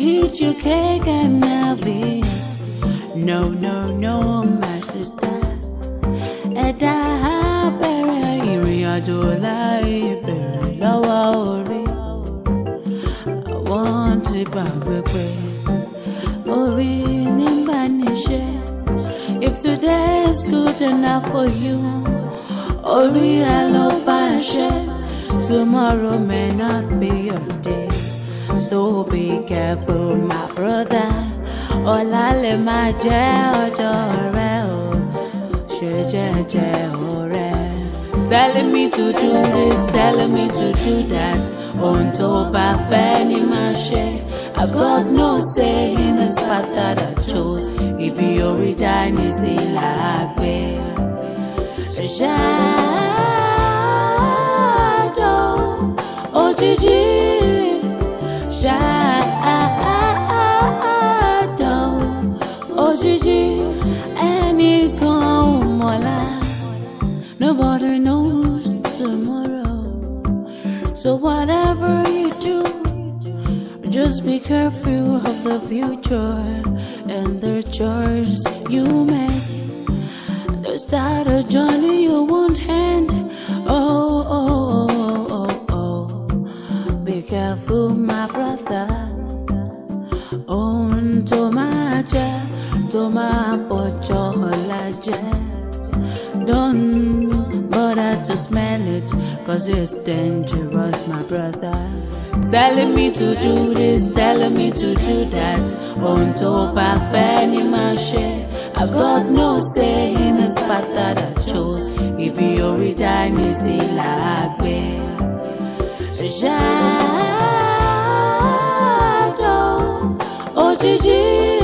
eat your cake and have it. No, no, no, my sister. Ẹ̀dá abẹ́rẹ́ ìrìn àjò láì bẹ̀rẹ̀ lọ́wọ́ orí. Àwọn ti gbàgbé pé orí nígbà níṣẹ́. If today is good enough for you, oh, we are bá Tomorrow may not be your day. So be careful, my brother. Ọ̀la lè máa jẹ́ ọjọ́ rẹ o, je ọ̀rẹ́. Telling me to do this, telling me to do that. On top of fẹ́ ni ṣe. I've got no say in this path that I chose. you're orí dání sí làágbé. Shadow, Gigi. nobody knows tomorrow. So whatever you do, just be careful of the future and the choice you make. Don't start a journey you won't end. Oh, oh, oh, oh, oh. Be careful, my brother. Ohun tó máa jẹ, tó máa bọ̀jọ̀ ọ̀la jẹ. Don't to smell it, cause it's dangerous, my brother. Telling me to do this, telling me to do that. On top of any man I've got no say in this path that I chose. Ibi orida ni si lagbe. oh, òjijì.